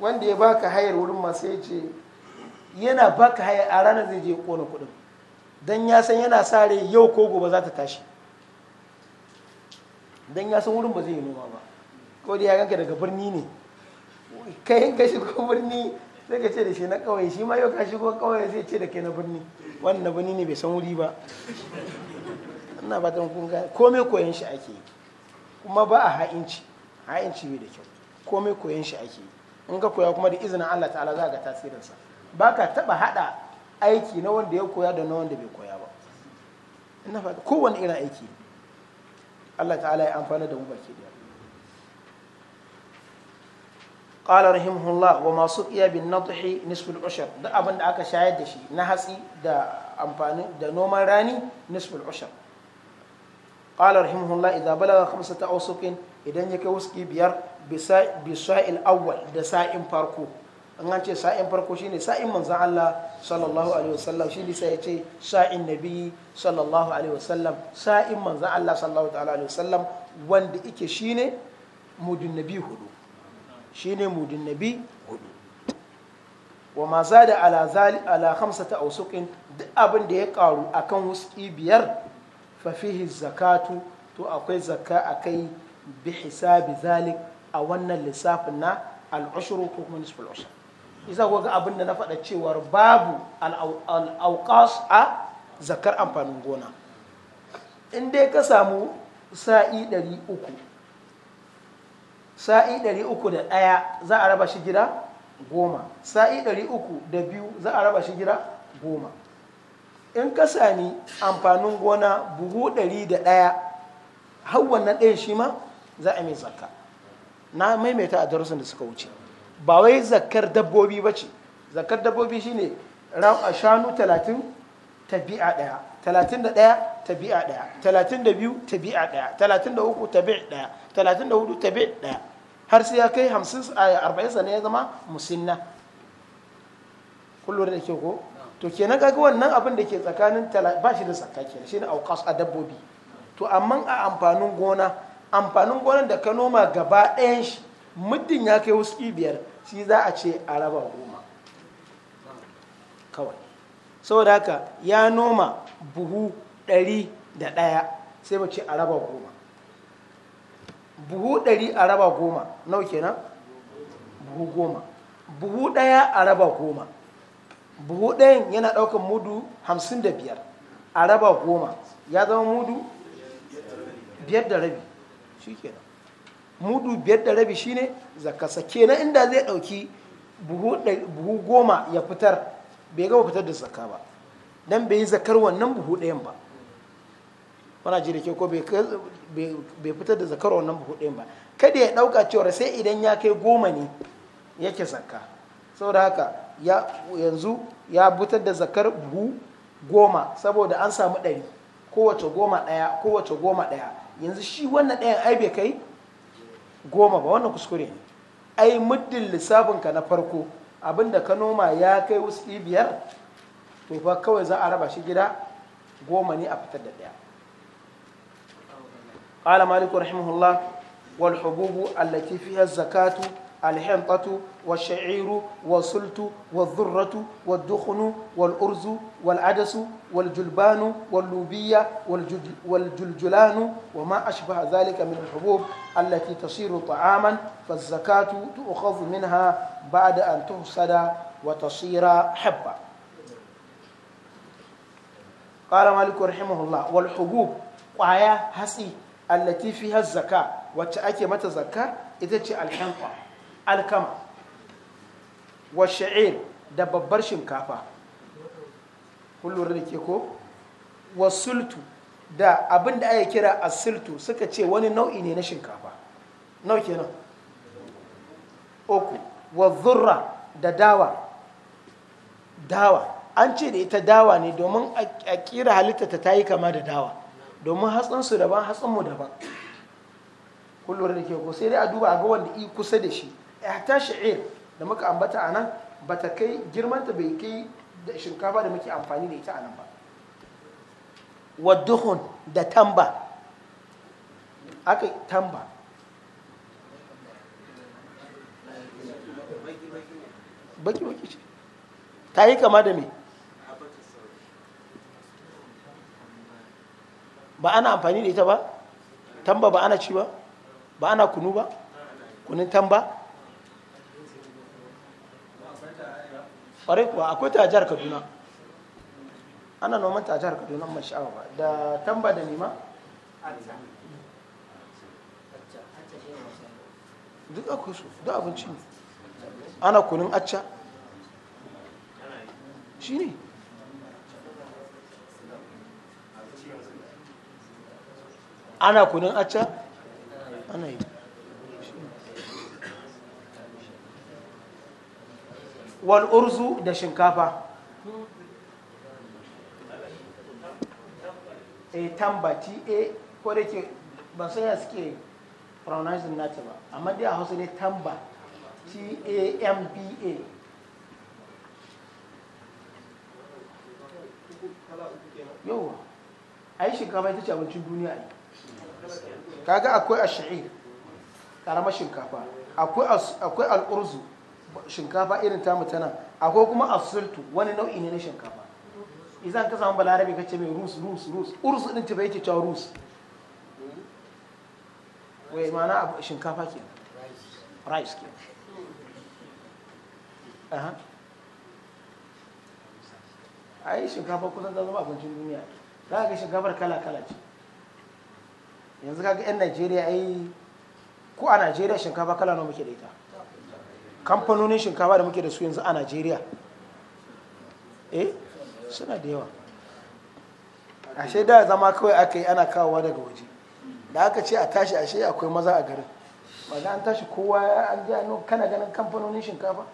wanda ya baka hayar wurin masu ya ce yana baka haya a ranar zai je kona kuɗin don ya san yana sa rai yau ko gobe za ta tashi don ya san wurin ba zai yi noma ba ko da ya ganka daga birni ne kai ka shigo birni sai ka ce da shi na kawai shi ma yau ka shigo kawai zai ce da kai na birni wannan birni ne bai san wuri ba ina ba don kun gane komai koyan shi ake yi kuma ba a ha'inci ha'inci bai da kyau komai koyan shi ake yi in ka koya kuma da izinin Allah ta'ala za ga tasirinsa ba ka taɓa haɗa aiki na wanda ya koya da na wanda bai koya ba ina fata kowane irin aiki Allah ta'ala ya amfana da mu baki daya qala rahimahullah wa masu iyabin bin nadhi nisfu al-ushr da abin da aka shayar da shi na hatsi da amfani da noman rani nisfu al-ushr qala rahimahullah idza balaga khamsata awsuqin idan ya kai wuski biyar bisa'il awwal da sa'in farko an an ce sa'in farko shine sa'in manzan Allah sallallahu alaihi wasallam shi lisa ya ce sa'in nabi sallallahu alaihi wasallam sa'in manzan Allah sallallahu alaihi wasallam wanda ike shine mudun nabi hudu shine mudun nabi hudu wa ma zada ala zali ala khamsata awsuqin duk abin da ya karu akan wuski biyar fa fihi zakatu to akwai zakka akai bi hisabi zalik a wannan lissafin na al'ushuru ko kuma nisful isa ko ga abin da na faɗa cewar babu al'aukas a zakar amfanin gona inda ka samu sa'i 300 sa'i 301 za a raba shi gida 10 sa'i 302 za a raba shi gida 10 in ka sami amfanin gona buhu 101 har wannan ɗaya shi ma za a mai zakka na maimaita a darasin da suka wuce ba wai zakar dabbobi ba ce zakar dabbobi shine shanu talatin tabi'a ɗaya talatin da ɗaya tabi'a ɗaya talatin da biyu tabi'a ɗaya talatin da uku tabi'a ɗaya talatin da hudu tabi'a ɗaya har sai ya kai hamsin a arba'in ne ya zama musinna kullum da ke ko to kenan kaga wannan abin da ke tsakanin ba shi da ke shi shine aukas a dabbobi to amma a amfanin gona amfanin gonan da ka noma gaba ɗayan shi muddin ya kai wuski biyar shi za a ce a raba goma kawai saboda haka ya noma buhu ɗari da ɗaya sai mu a raba goma buhu ɗari a raba goma nau kenan buhu goma buhu ɗaya a raba goma buhu ɗayan yana ɗaukar mudu hamsin da biyar a raba goma ya zama mudu biyar da rabi shi kenan mudu biyar da rabi shine sake na inda zai dauki buhu goma ya fitar bai gaba fitar da zakka ba dan bai yi zakar wannan buhu ɗayan ba wana ji ke ko bai fitar da zakar wannan buhu ɗayan ba kada ya ɗauka cewar sai idan ya kai goma ne yake zakka saboda haka yanzu ya fitar da zakar buhu goma saboda an samu ɗari kowace goma ɗaya kowace goma ɗaya yanzu shi wannan ɗayan ai bai kai goma ba wannan kuskure ne ai muddin lissafinka na farko abinda ka noma ya kai wuski biyar to fa kawai za a raba shi gida goma ne a fitar da ɗaya قال مالك رحمه الله والحبوب التي فيها الزكاه الحنطة والشعير والسلت والذرة والدخن والأرز والعدس والجلبان واللوبية والجلجلان وما أشبه ذلك من الحبوب التي تصير طعاما فالزكاة تؤخذ منها بعد أن تحصد وتصير حبة قال مالك رحمه الله والحبوب قايا هسي التي فيها الزكاة وتأتي متى زكاة إذا الحنطة alkama wa sha'ir da babbar shinkafa kullum da ke ko wa sultu da abin da ake kira a sultu suka ce wani nau'i ne na shinkafa nau kenan uku wa zurra da dawa dawa an ce da ita dawa ne domin a kira halittata ta yi kama da dawa domin hatsinsu daban hatsinmu daban kullum da ke ko sai dai a duba a ga wanda i kusa da shi ta sha'ir da muka ambata a nan ba ta kai girmanta bai kai da shinkafa da muke amfani da ita a nan ba wadduhun da tamba aka tamba baki-baki ce ta yi kama da me ba ana amfani da ita ba tamba ba ana ci ba ba ana kunu ba kunin tamba kware kuwa akwai ta jihar kaduna ana noman ta jihar kaduna mai sha'awa ba da tamba da nima duk akwai su duk abinci ne ana kunin acca shi ne ana kunin acca ana yi wal urzu da shinkafa a eh, tambati a eh, ko da ke ban san suke pronouncing nata ba amma dai a hausa ne tamba t eh, a m b a yau a yi shinkafa ita ce abincin duniya ne kaga akwai a sha'ir karamar shinkafa akwai al'urzu shinkafa irin tamu tana akwai kuma asultu wani nau'i ne na shinkafa idan ka samu balarabe ka ce mai rus rus rus urus din ta bai ke cewa rus wai mana shinkafa ke rice ke aha ai shinkafa kusan ta zama abincin duniya za ga shinkafar kala kala ce yanzu kaga yan najeriya ai ko a najeriya shinkafa kala nawa muke da ita kamfanonin shinkafa da muke da su yanzu a najeriya eh suna da yawa ashe da zama kawai aka yi ana kawowa daga waje da aka ce a tashi ashe akwai maza a garin ba an tashi kowa ya an ji ano kana ganin kamfanonin shinkafa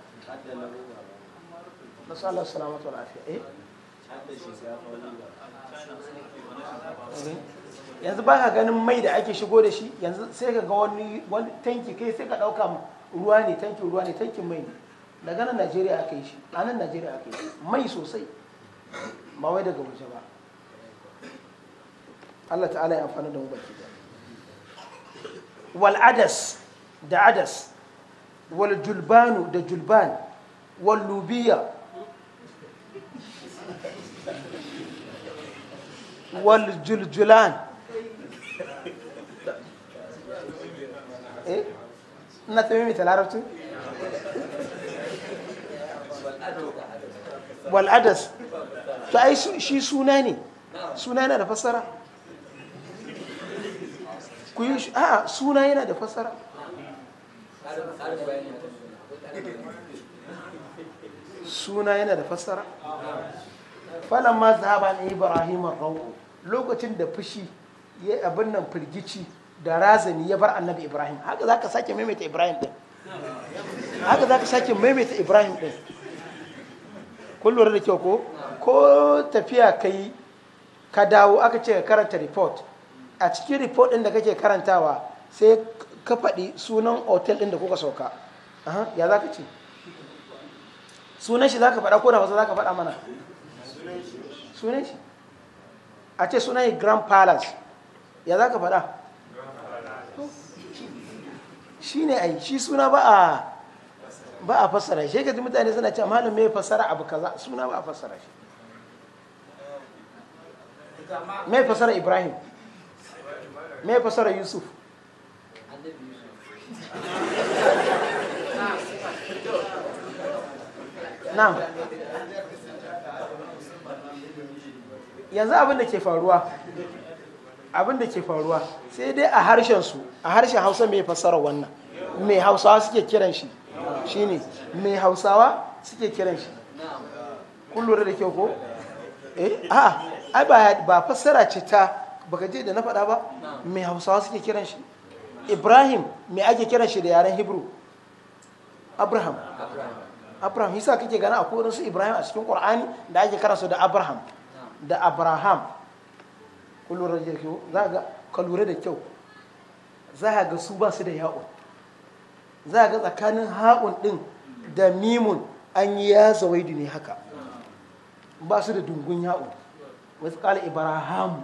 na salamatu lafiya eh yanzu ba ka ganin mai da ake shigo da shi yanzu sai ka ga wani tanki kai sai ka ɗauka ruwa ne tankin ruwa ne tankin mai ne daga nan najeriya aka yi shi a nan najeriya aka yi mai sosai ba wai daga waje ba allah ta'ala ya amfani da mu da wal adas da adas wal julbanu da julban wal lubiya wal juljulan eh ina ta mimita larabcin wal adas to ai shi suna ne suna yana da fassara ku yi a suna yana da fassara suna yana da fassara falon ma zaba na ibrahim rawo lokacin da fushi ya abin nan firgici da razani ya bar annabi ibrahim haka za ka sake maimaita ibrahim ɗin haka za ka sake maimaita ibrahim ɗin kun da kyau ko ko tafiya yi ka dawo aka ce ka karanta report a cikin report ɗin da kake karantawa sai ka faɗi sunan otel ɗin da kuka sauka ya za ka ce sunan shi za ka faɗa ko da wasu za ka faɗa mana sunan shi a ce sunan grand palace ya za ka faɗa shi ne ai shi suna ba a ba a fassara shi ga mutane suna ce malam mai fassara abu kaza suna ba a fassara shi mai fassara ibrahim mai fassara yusuf na'am yanzu abin da ke faruwa abin da ke faruwa sai dai a harshen su a harshen hausa mai fassara wannan mai hausawa suke kiran shi shine mai hausawa suke kiran shi kun lura da kyau ko eh a ba ba fassara ce ta baka je da na faɗa ba mai hausawa suke kiran shi ibrahim mai ake kiran shi da yaren hebrew abraham abraham yasa kake gana a su ibrahim a cikin qur'ani da ake karansu da abraham da abraham kullum rajin kyau za ga ka da kyau za a ga su ba su da ya'un za a ga tsakanin ha'un din da mimun an yi ya zawaidu ne haka ba su da dungun ya'un wasu kala ibrahimu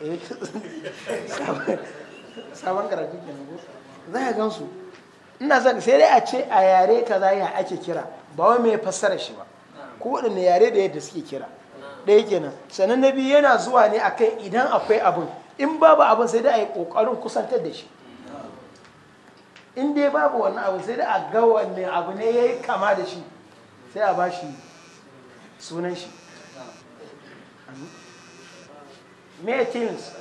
eh, (laughs) sabon karatu ke za ka gansu ina son sai dai a ce a yare kaza ya ake kira ba wa mai fassara shi ba ko waɗanne yare da yadda suke kira ɗaya kenan sannan na biyu yana zuwa ne a kai idan akwai abin in babu abin sai da a yi ƙoƙarin kusantar da shi in dai babu wannan abu sai da a ga wanne abu ne ya yi kama da shi sai a ba shi sunan shi meetings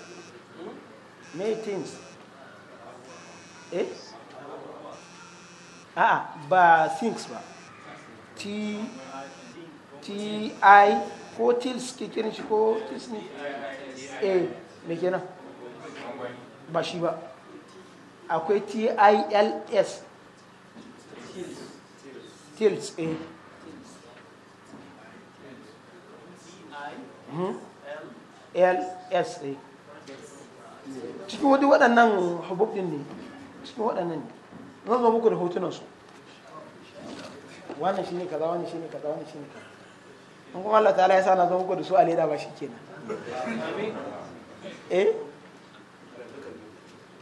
meetings eh a'a ba things ba t ti ko tils ke kirin shi ko tils ne a eh, me kenan ba shi ba akwai tils tils a eh. a? Hmm? Eh. cikin wadda waɗannan hububin ne cikin waɗannan ne zan zo muku da hotunansu wannan shi ne kaza wannan shi ne kaza wannan shi ne kaza in kuma Allah ta'ala ya sa na zama muku da su a leda ba shi kenan eh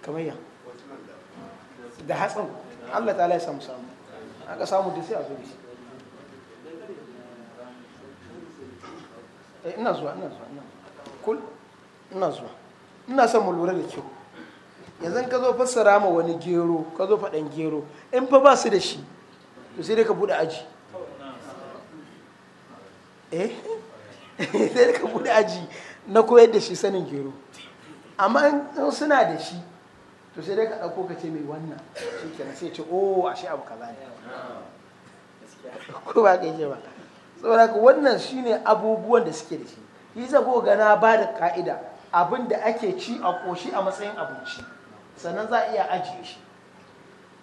kamar ya da hatsin Allah ta'ala ya samu samu aka samu da sai a zo shi eh, ina zuwa ina zuwa ina kul ina zuwa ina son mu lura da kyau yanzu ka zo fassara ma wani gero ka zo faɗan gero in fa ba su da shi to sai dai ka buɗe aji eh (laughs) sai ka bude aji na koyar da shi sanin gero amma in suna da shi to sai dai ka ɗauko ka ce mai wannan shi kenan sai ce oh shi abu kaza ne ko ba ka yi ba saboda ka wannan shi ne abubuwan da suke da shi yi zago gana ba da ka'ida abin da ake ci a ƙoshi a matsayin abinci sannan za a iya ajiye shi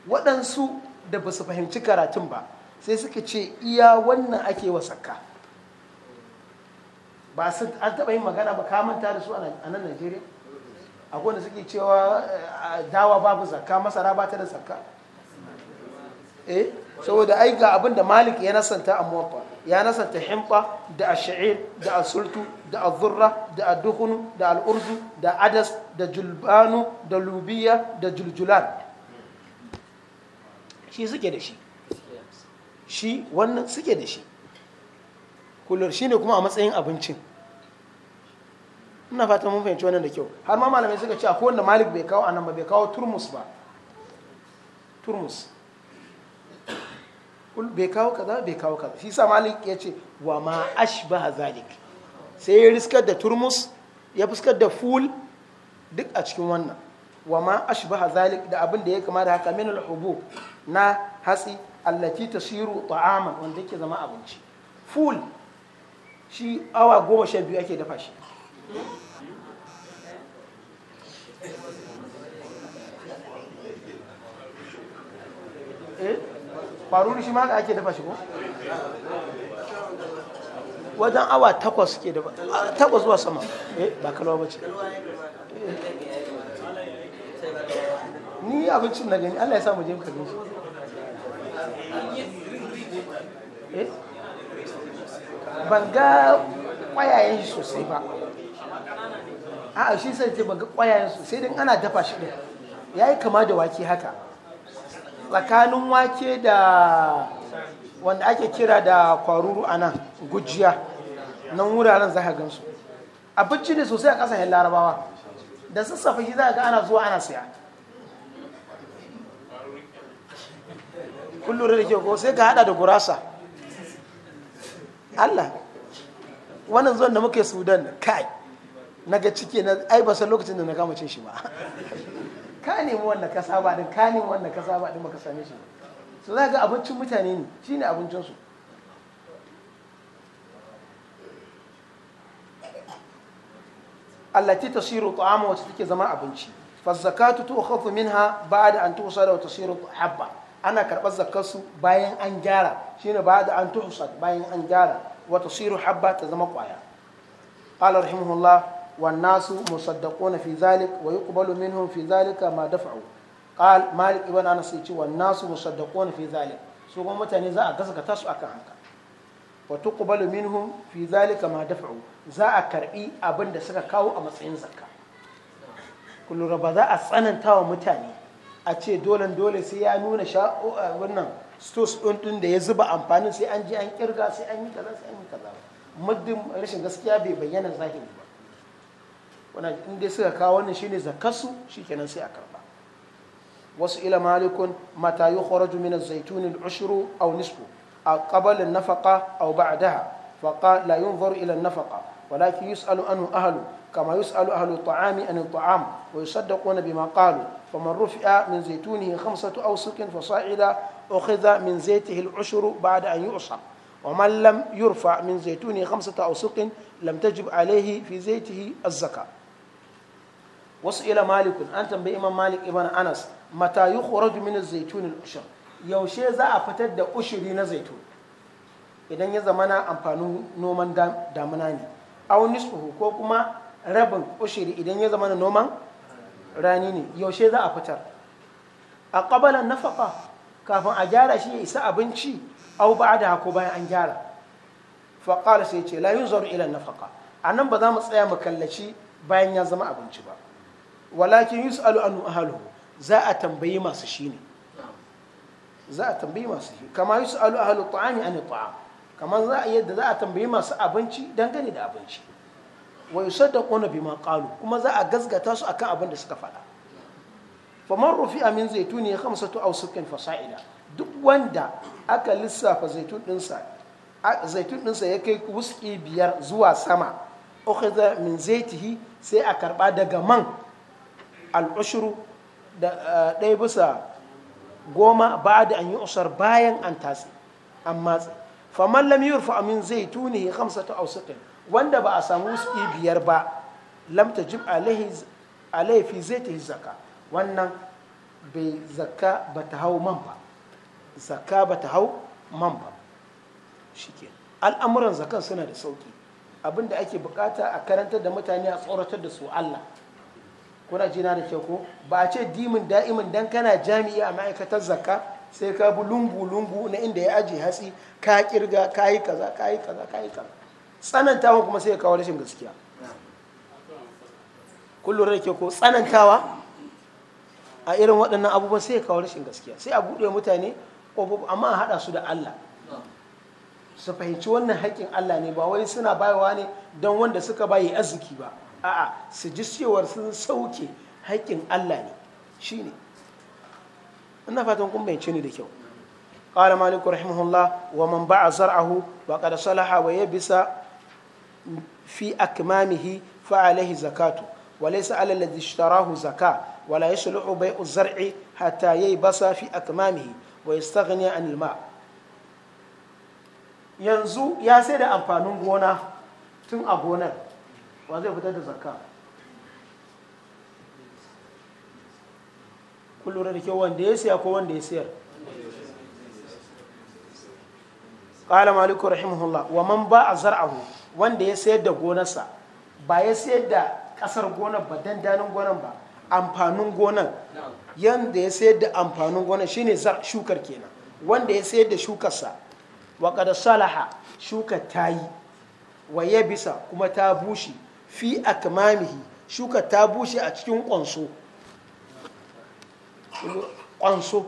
waɗansu da ba su fahimci karatun ba sai suka ce iya wannan ake wa sakka ba su an taɓa yin magana ba kamanta da su a nan najeriya akwai wanda suke cewa eh, dawa babu zakka masara ba ta da zakka eh saboda ai ga abin da malik ya nasanta a muwatta ya nasanta himba da ash'ir da asultu da azurra da Duhunu da al'urdu da adas da julbanu da lubiya da juljulan shi suke da shi shi wannan suke da shi kullum shine kuma a matsayin abincin ina fata mun fahimci wannan da kyau har ma malamai suka ce akwai wanda malik bai kawo anan ba bai kawo turmus ba turmus bai kawo kaza bai kawo kaza shi sa malik ya ce wa ma ashba zalik sai ya riskar da turmus ya fuskar da ful duk a cikin wannan wa ma ashba zalik da abin da ya kama da haka min al-hubu na hatsi allati tasiru ta'aman wanda yake zama abinci ful shi awa goma sha biyu ake dafa shi faru eh? shi ma ake dafa shi ko wajen awa takwas ke dafa takwas zuwa sama eh ba kalwa ba ce eh. ni abincin na gani allah ya samu je ka gani eh ban ga ƙwayayen shi sosai ba a shi sai ce ban ga ƙwayayen sosai din ana dafa shi din yayi kama da wake haka tsakanin wake da wanda ake kira da kwaruru a nan gujiya nan wuraren za ka su. abinci ne sosai a ƙasashen larabawa da sassafe shi za ga ana zuwa ana siya kullum da ke ko sai ka hada da gurasa Allah wannan zuwan da muke sudan kai na ga ciki na ai ba san lokacin da na kama cin shi ba (laughs) ka nemi wanda ka saba din ka nemi wanda ka saba din baka same shi ba su za ga abincin mutane ne shine abincin su allati tasiru ta'ama wacce take zama abinci fa zakatu tu'khadhu minha ba'da an tu'sala wa tasiru habba ana karɓar zakarsu bayan an gyara shi ne ba da an tuhsad bayan an gyara wata siru habba ta zama ƙwaya qala rahimahullah wan nasu musaddaquna fi zalik wa yuqbalu minhum fi zalika ma dafa'u qal malik ibn anas yace wan nasu musaddaquna fi zalik su kuma mutane za a gaskata su akan haka wa tuqbalu hun fi zalika ma dafa'u za a karbi abin da suka kawo a matsayin zakka kullu ba za a tsananta wa mutane a ce dole dole sai ya nuna sha'o a wannan stos ɗin ɗin da ya zuba amfanin sai an je an kirga sai an yi kaza sai an yi kaza muddin rashin gaskiya bai bayyana zahiri ba wannan in dai suka kawo wannan shine zakasu shikenan sai a karba wasu ila malikun mata yukhraju min az-zaytun al-ushru aw nisfu qabla an-nafaqa aw ba'daha faqa la yunzaru ila an-nafaqa walakin yus'alu anhu ahlu كما يسأل أهل الطعام عن الطعام ويصدقون بما قالوا فمن رفع من زيتونه خمسة أوسق فصاعدا أخذ من زيته العشر بعد أن يعصر ومن لم يرفع من زيتونه خمسة أوسق لم تجب عليه في زيته الزكاة وسئل مالك أنت بإمام مالك ابن أنس متى يخرج من الزيتون العشر yaushe za a fitar da ushiri na zaitun idan ya zama na amfanin noman damina ne au nisfuhu ko kuma rabin ushiri idan ya zama na noman rani ne yaushe za a fitar a ƙabalan nafaka kafin a gyara shi ya isa abinci au ba da hako bayan an gyara faƙala sai ce la yunzaru na nafaka a nan ba za mu tsaya mu kallaci bayan ya zama abinci ba walakin alu anu halu, za a tambayi masu shi ne za a tambayi masu shi kama yus'alu ahalu ta'ami an ta'am kamar za a yadda za a tambayi masu abinci dangane da abinci wa yusaddaquna bima qalu kuma za a gazgata su akan abin da suka faɗa Fa faman rufi'a min zaituni khamsatu awsukin fasa'ida duk wanda aka lissafa zaitun dinsa zaitun dinsa ya kai wuski biyar zuwa sama ukhidha min zaitihi sai a karba daga man al'ushru da ɗaya bisa goma ba da an yi usar bayan an tatsi an matsi faman lam yurfa min zaitunihi khamsatu awsukin wanda ba a samu wuski biyar ba lamta tajib a laifi zai ta zaka wannan bai zaka ba ta hau man ba zaka ba ta hau man ba ke al'amuran zakan suna da sauki abinda ake bukata a karantar da mutane a tsoratar da su Allah kuna jina da kyau ko ba a ce dimin da'imin dan kana jami'i a ma'aikatar zakka sai ka bi lungu lungu na inda ya ajiye hatsi ka kirga ka yi kaza ka yi kaza ka yi kaza tsanantawa kuma sai ya kawo rashin gaskiya kullum da ke ko tsanantawa a irin waɗannan abubuwan sai ya kawo rashin gaskiya sai a buɗe mutane ƙofofi amma a haɗa su da Allah su fahimci wannan haƙƙin Allah ne ba wai suna bayawa ne don wanda suka bayi arziki ba a'a su ji cewar sun sauke haƙƙin Allah ne shine ina fatan kun bayyance ni da kyau قال مالك رحمه الله ومن باع زرعه وقد صلح ويبس fi akmamihi fa alaihi zakatu وليس على zaka اشتراه زكاة ولا يصلح بيع الزرع حتى ييبس في أكمامه ويستغني عن الماء yanzu ya sai da amfanin gona tun a gonar wa zai fitar da zakka kun da kyau wanda ya siya ko wanda ya siyar ƙala maliku rahimahullah wa man ba a zar'ahu wanda ya sayar da gonarsa ba ya sayar da ƙasar gonar ba dandanin gonar ba amfanin gonar yanda ya sayar da amfanin gonar shine shukar kenan wanda ya sayar da shukarsa wa salaha shukar ta yi wa ya bisa kuma ta bushe fi akmamihi shukar ta bushe a cikin ƙwanso ƙwanso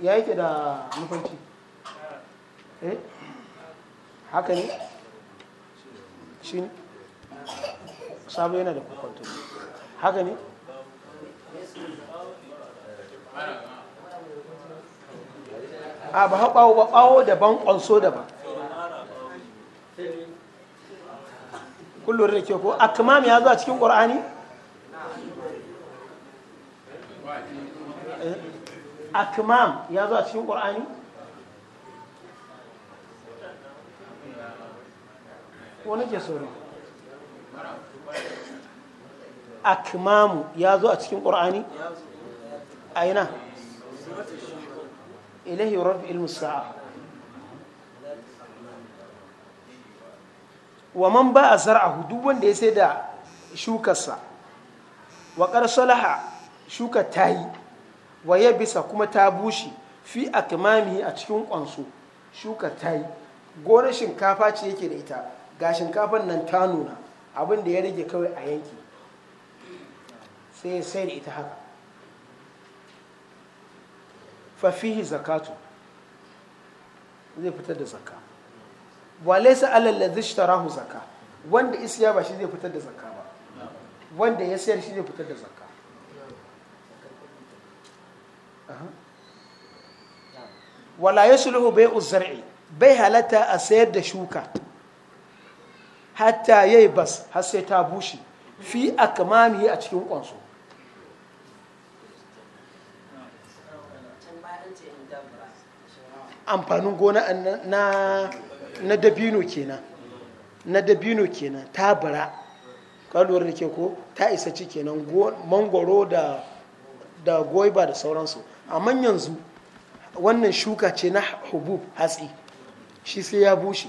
ya yake da nufanci eh haka ne shi ne sabo yana da kwakwato haka ne a ba haɓawo ba ɓawo daban ƙwanso daban kullum da ke ko akmam ya zuwa a cikin ƙwar'ani eh. akmam ya zuwa a cikin ƙwar'ani wani nake so ya zo a cikin a yana ilahi ilmu sa'a wa man ba a zar'ahu duk wanda ya sai da shukarsa wa salaha shuka ta yi wa ya bisa kuma ta bushe fi kimami a cikin ƙwansu shuka ta yi gonar shinkafa ce yake da ita ga shinkafar nan ta nuna abin da ya rage kawai a yanki sai ya sayar ita haka fafihi zakatu zai fitar da zaka wa laisa alal ladhi ishtarahu zaka wanda isiya ba shi zai fitar da zaka ba wanda ya sayar shi zai fitar da zaka wala yasluhu bai'u zar'i bai halatta a sayar da shuka hatta yayi bas har sai ta bushe fi akmami a cikin kwanso amfanin gona na na dabino kenan na dabino kenan ta bara kalwar da ke ko ta isa ci kenan mangoro da da goiba da sauransu amma yanzu wannan shuka ce na hubub hatsi shi sai ya bushe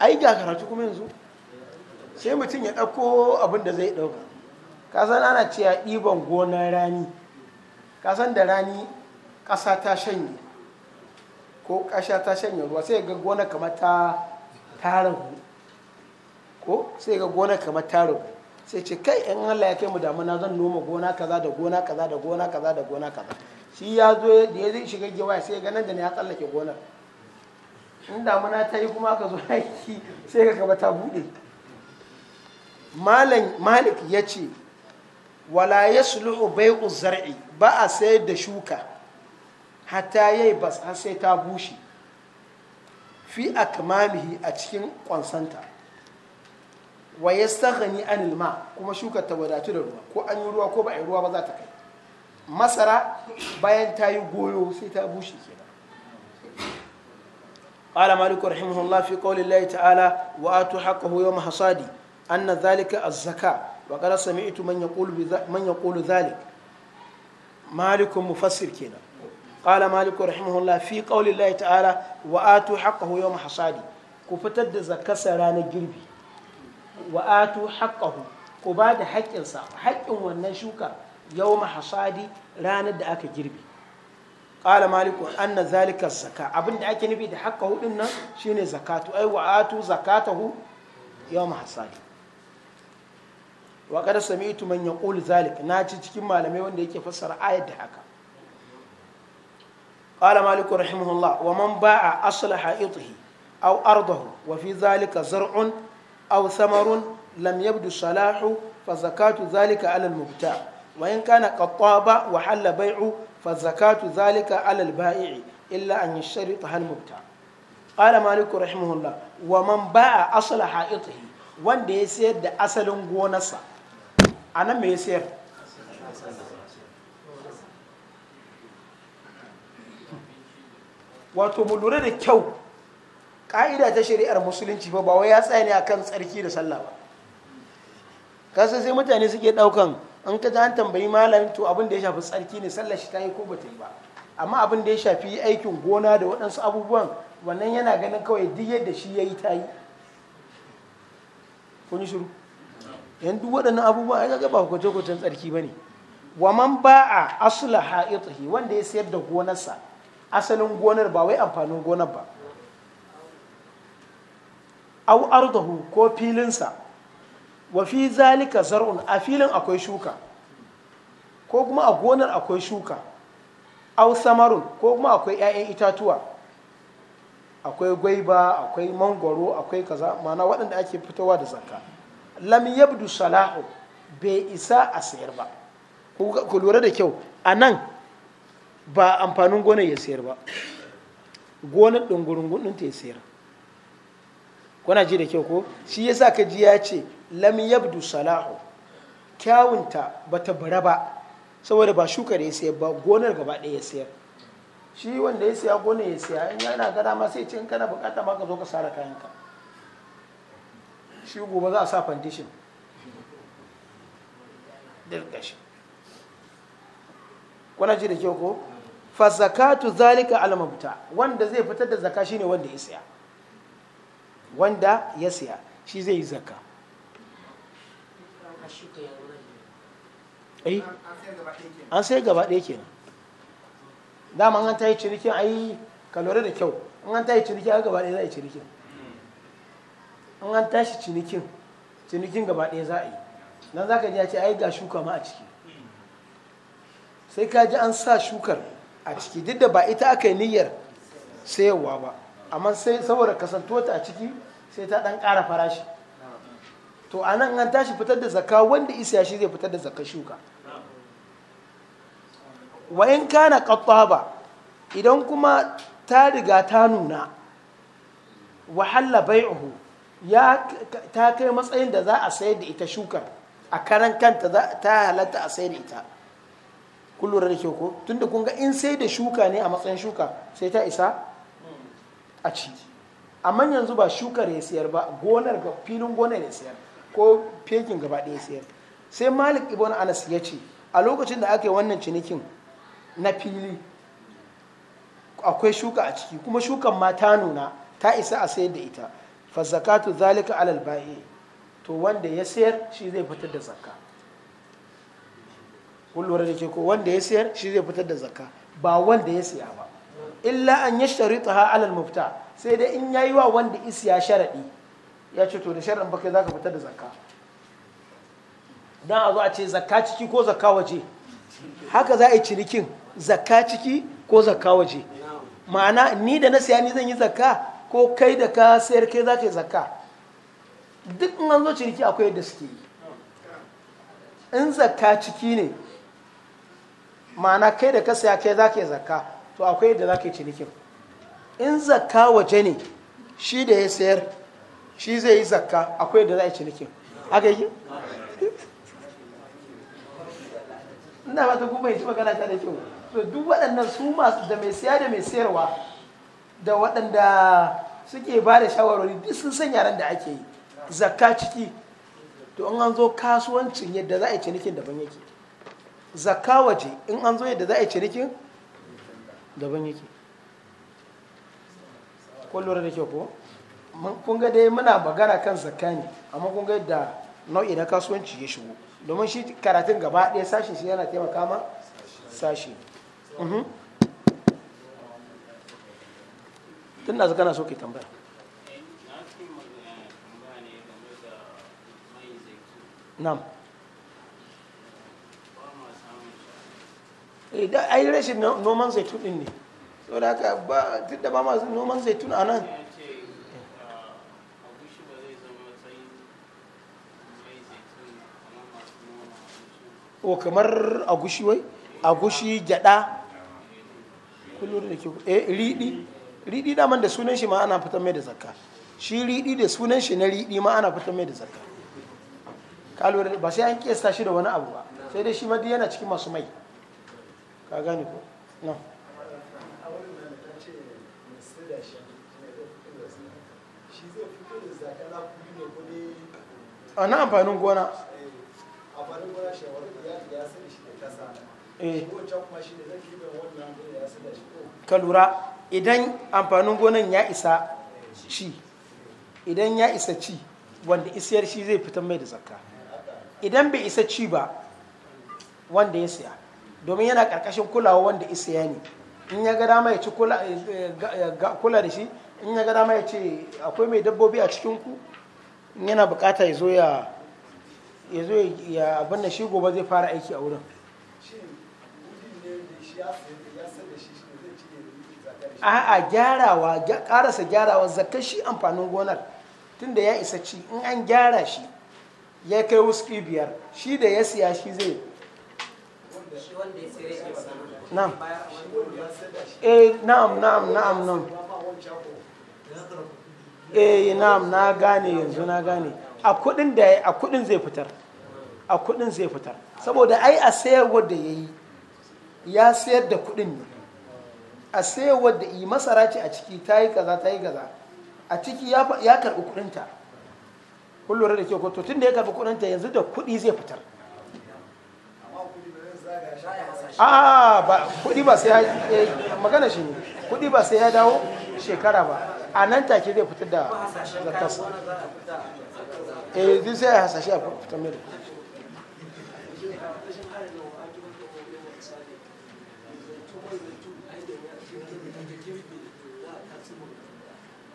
ai ga karatu kuma yanzu sai mutum ya ɗauko abin da zai ɗauka kasan ana cewa ɗiban gonar rani kasan da rani ƙasa ta shanye ko ƙasha ta shanye ruwa sai ga gona kamar ta tarahu ko sai ga gona kamar tarahu sai ce kai in Allah ya kai mu damu na zan noma gona kaza da gona kaza da gona kaza da gona kaza shi ya zo da ya zai shiga gewa sai ga nan da ne ya tsallake gonar in damuna ta yi kuma ka zo (laughs) aiki sai ka gaba ta buɗe malik ya ce wala ya sulhu bai zar'i ba a sayar da shuka hatta ya yi bas har sai ta bushe fi akmamihi a cikin kwansanta wa ya staghani an ilma kuma shukar ta wadatu da ruwa ko an yi ruwa ko ba a yi ruwa ba za ta kai masara bayan ta yi goyo sai ta bushe ke قال مالك رحمه الله في قول الله تعالى وآتوا حقه يوم حصادي أن ذلك الزكاة وقال سمعت من يقول من يقول ذلك مالك مفسر كنا قال مالك رحمه الله في قول الله تعالى وآتوا حقه يوم حصادي كفتد زكاة سران الجربي وآتوا حقه كباد حق إنسان حق ونشوك يوم حصادي راند أك جربي qala maliku anna zalika zaka abinda ake nufi da haka hudun nan shine zakatu ai wa atu zakatahu yawm hasadi wa qad sami'tu man yaqul zalik naci cikin malamai wanda yake fassara ayat da haka qala maliku rahimahullah wa man ba'a aslaha itihi au ardahu wa zalika zar'un au samarun lam yabdu salahu fa zakatu zalika ala al-mubta' وإن كان قطابا وحل بيعه fa zakatu zalika alal bai'i illa an yashrita hal mubta qala malik rahimahullah wa man ba'a wanda ya sayar da asalin gonarsa anan me ya sayar wato mu lura da kyau ƙa'ida ta shari'ar musulunci ba wai ya tsaya ne akan tsarki da sallah ba kasa sai mutane suke ɗaukan an ka ji an tambayi malamin to abin da ya shafi tsarki ne sallar shi ta yi ko ba ta yi ba amma abin da ya shafi aikin gona da waɗansu abubuwan wannan yana ganin kawai duk yadda shi ya yi ta yi kun yi shiru yan duk waɗannan abubuwan ya ga ba kwace hukuncen tsarki ba ne wa man ba a asula ha'itahi wanda ya sayar da gonarsa asalin gonar ba wai amfanin gonar ba au ardahu ko filinsa wa fi zalika zar'un a filin akwai shuka ko kuma a gonar akwai shuka au samarun ko kuma akwai 'ya'yan itatuwa akwai gwaiba akwai mangoro akwai kaza mana waɗanda ake fitowa da zakka lam yabdu salahu bai isa a sayar ba ku lura da kyau a nan ba amfanin gonar ya sayar ba gonar ɗungurungun ɗinta ya sayar kuna ji da kyau ko shi yasa ka ji ya ce lam yabdu salahu kyawunta ba ta bara ba saboda ba shuka da ya sayar ba gonar gaba ɗaya ya sayar shi wanda ya siya gonar ya siya in yana gada ma sai cin kana bukata ma ka zo ka sara kayanka shi gobe za a sa foundation dirgashi kuna ji da kyau ko fa zakatu zalika almabta wanda zai fitar da zaka shine wanda ya siya wanda ya siya shi zai yi zakka ai eh? an sai gaba ɗaya kenan dama an ta yi cinikin ayi kalori da kyau an an ta yi cinikin a gaba ɗaya za a yi cinikin an an tashi cinikin cinikin gaba ɗaya za a yi nan za ka ji a ce ai ga shuka ma a ciki sai ka ji an sa shukar a ciki duk da ba ita aka yi niyyar sayarwa ba amma sai saboda kasantuwa ta a ciki sai ta ɗan ƙara farashi to a nan an tashi fitar da zaka wanda ya shi zai fitar da zaka shuka wa in kana qattaba idan kuma ta riga ta nuna wahalla bai'uhu ya ta kai matsayin da za a sayar da ita shukar a karan kanta ta halatta a sayar da ita kun da kyau ko tunda kun ga in sai da shuka ne a matsayin shuka sai ta isa a ci amma yanzu ba shukar ya siyar ba gonar ga filin gonar ya siyar ko fekin gaba ɗaya sayar sai malik ibn anas ya ce a lokacin da aka yi wannan cinikin na fili akwai shuka a ciki kuma shukan ma ta nuna ta isa a sayar da ita fa zakatu zalika alal ba'i to wanda ya sayar shi zai fitar da zakka kun da ke ko wanda ya sayar shi zai fitar da zakka ba wanda ya saya ba illa an ha alal mufta sai dai in yayi wa wanda isiya sharadi ya ce to da sharin bakai za ka fitar da zakka don a zo a ce zakka ciki ko zakka waje haka za a yi cinikin zakka ciki ko zakka waje ma'ana ni da na siya ni zan yi zakka ko kai da ka sayar kai za ka yi zakka duk in an zo ciniki akwai yadda suke yi in zakka ciki ne ma'ana kai da ka siya kai za ka yi zakka to akwai yadda za ka yi cinikin in zakka waje ne shi da ya sayar shi zai yi zakka akwai da za a cinikin aka yi ina ba ta kuma yi magana ta da kyau to duk waɗannan su masu da mai siya da mai siyarwa da waɗanda suke ba da shawarwari duk sun san yaran da ake yi zakka ciki to in an zo kasuwancin yadda za a yi cinikin daban yake zakka waje in an zo yadda za a yi cinikin daban yake Kullum da kyau ko kun ga dai muna magana kan zakka ne amma kun ga da nau'i na kasuwanci ya shigo domin shi karatun gaba ɗaya sashi shi yana taimaka ma sashi mhm. tun na zaka na so ke tambaya nam eh, da ai rashin noman zaitun din ne saboda haka ba duk da ba ma noman zaitun a nan Ko kamar agushi wai agushi gyada kullum da ke eh riɗi riɗi daman da sunan shi ma ana fitar mai da zakka shi riɗi da sunan shi na riɗi ma ana fitar mai da zakka ka lura ba sai an kiyasta shi da wani abu ba sai dai shi ma yana cikin masu mai ka gane ko na ana amfanin gona Eh. ka lura idan amfanin gonan ya isa ci idan ya isa ci wanda isiyar shi zai fitar mai da zakka idan bai isa ci ba wanda ya siya domin yana karkashin kulawa wanda isiya ne in ya gada mai ci eh, eh, kula da shi in ya gada mai ce akwai mai dabbobi a cikinku yana bukata ya zo ya abin shi gobe zai fara aiki a wurin a'a gyarawa karasa gyarawa zaka shi amfanin gonar tun da ya isa ci in an gyara shi ya kai wuski biyar shi da ya siya shi zai eh, na'am eh eh na gane yanzu na gane a kudin zai fitar a kudin zai fitar saboda ai a sayarwar da yayi ya sayar da kuɗin ne a sayarwar da yi masara ce a ciki ta yi kaza ta yi kaza a ciki ya karɓi kuɗinta kullum da ke ko tun da ya karɓi kuɗinta yanzu da kuɗi zai fitar a ba kuɗi ba sai ya eh, magana shi ne kuɗi ba sai ya dawo shekara ba a nan take zai fitar da zakas eh duk sai ya hasashe a fitar mai da kuɗi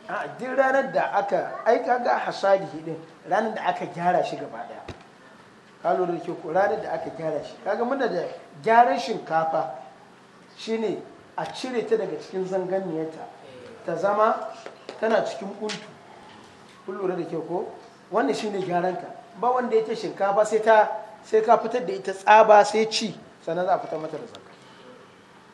a duk ranar da aka aika ga hasadihi din ranar da aka gyara shi gaba daya ka lura da ko ranar da aka gyara shi kaga muna da gyaran shinkafa shine a cire ta daga cikin zanganiyarta ta zama tana cikin kuntu kun lura da ke ko wannan shine ka. ba wanda ya shinkafa sai ta sai ka fitar da ita tsaba sai ci sannan za a fitar mata da zakka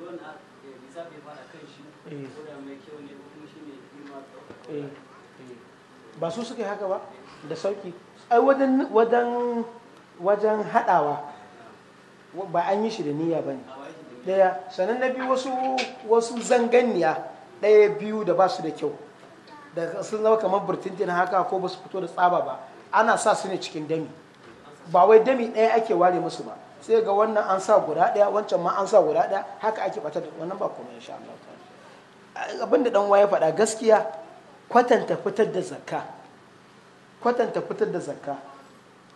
Eh. Eh, eh. ba su suke haka ba da sauki ai wajen hadawa ba an yi shi da niyya ba ne daya sannan na biyu wasu wasu zanganniya daya biyu da ba su da kyau da sun zama kamar burtuntun haka ko ba su fito da tsaba ba ana sa su ne cikin dami ba wai dami ɗaya ake ware musu ba sai ga wannan an sa guda ɗaya wancan ma an sa guda ɗaya haka ake ɓatar da wannan ba kuma insha Allah abin da dan waye faɗa gaskiya kwatanta fitar da zakka kwatanta fitar da zakka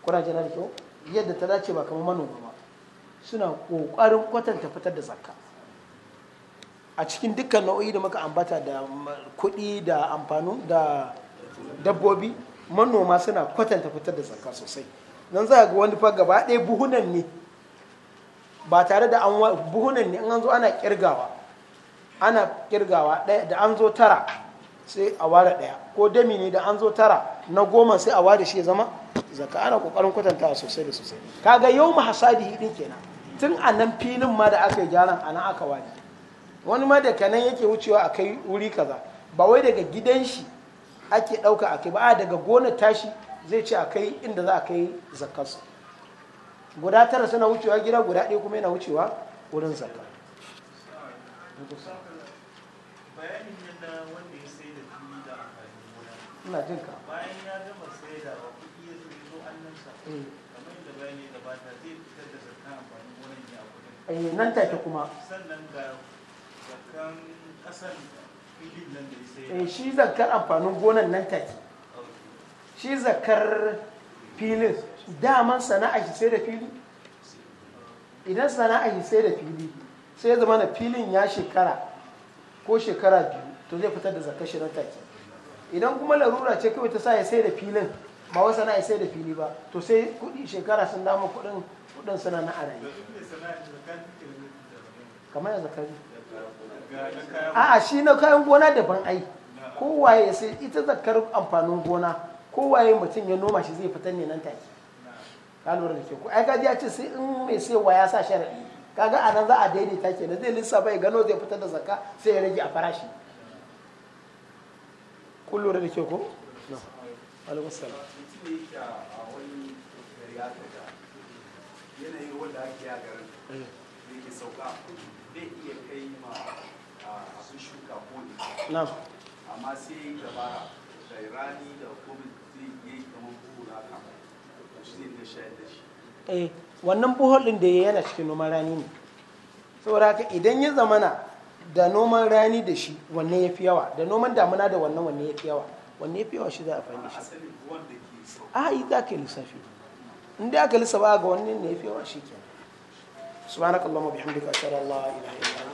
kuna jina da kyau yadda ta dace ba kamar manoma ba suna ƙoƙarin kwatanta fitar da zakka a cikin dukkan nau'i da muka ambata da kuɗi da amfanu da dabbobi manoma suna kwatanta fitar da zakka sosai nan za ga wani fa gaba ɗaya buhunan ne ba tare da an buhunan ne an zo ana kirgawa ana kirgawa da an zo tara sai a ware ɗaya ko dami ne da an zo tara na goma sai a ware shi zama zaka ana kokarin kwatantawa sosai da sosai kaga yau mu hasadi din kenan tun a nan filin ma da aka yi gyaran a nan aka ware wani ma da kanan yake wucewa a kai wuri kaza ba wai daga gidan shi ake ɗauka a kai ba a daga gona tashi zai ce a kai inda za a kai zakarsu guda tara suna wucewa gida guda ɗaya kuma yana wucewa wurin zakka ina jin ka bayan eh, nan take kuma sannan ga zakkan filin nan da ya sai eh, shi zakkar amfanin gonan nan take shi zakkar filin daman sana'a shi sai da fili idan sana'a shi sai da fili sai ya zama na filin ya shekara ko shekara biyu to zai fitar da zakar shi nan take idan kuma larura ce kawai ta sa ya sai da filin ba wai sana'a sai da fili ba to sai kudi shekara sun dama kudin kudin suna na arayi kamar ya zakari a'a shi na kayan gona daban ai kowaye sai ita zakar amfanin gona kowaye mutum ya noma shi zai fitar ne nan take ka lura da ke ku ai kaji ya ce sai in mai sayarwa ya sa sharaɗi kaga a nan za a daidaita kenan zai lissa bai gano zai fitar da zakka sai ya rage a farashi kun lura da ke ko na alaikum salam yanayi wanda ake ya da ke sauka zai iya kai ma sun ah, shuka ko amma sai dabara da rani da kuma zai iya eh wannan buhol din da yana cikin noman rani ne saboda haka idan ya zamana da noman rani da shi wannan ya fi yawa da noman damuna da wannan wanne ya fi yawa wanne ya fi yawa shi za a fahimci shi a yi za ka yi lissafi in da aka lissafa ga wannan ne ya fi yawa shi ke subhanakallahumma bihamdika ashhadu an la ilaha illa anta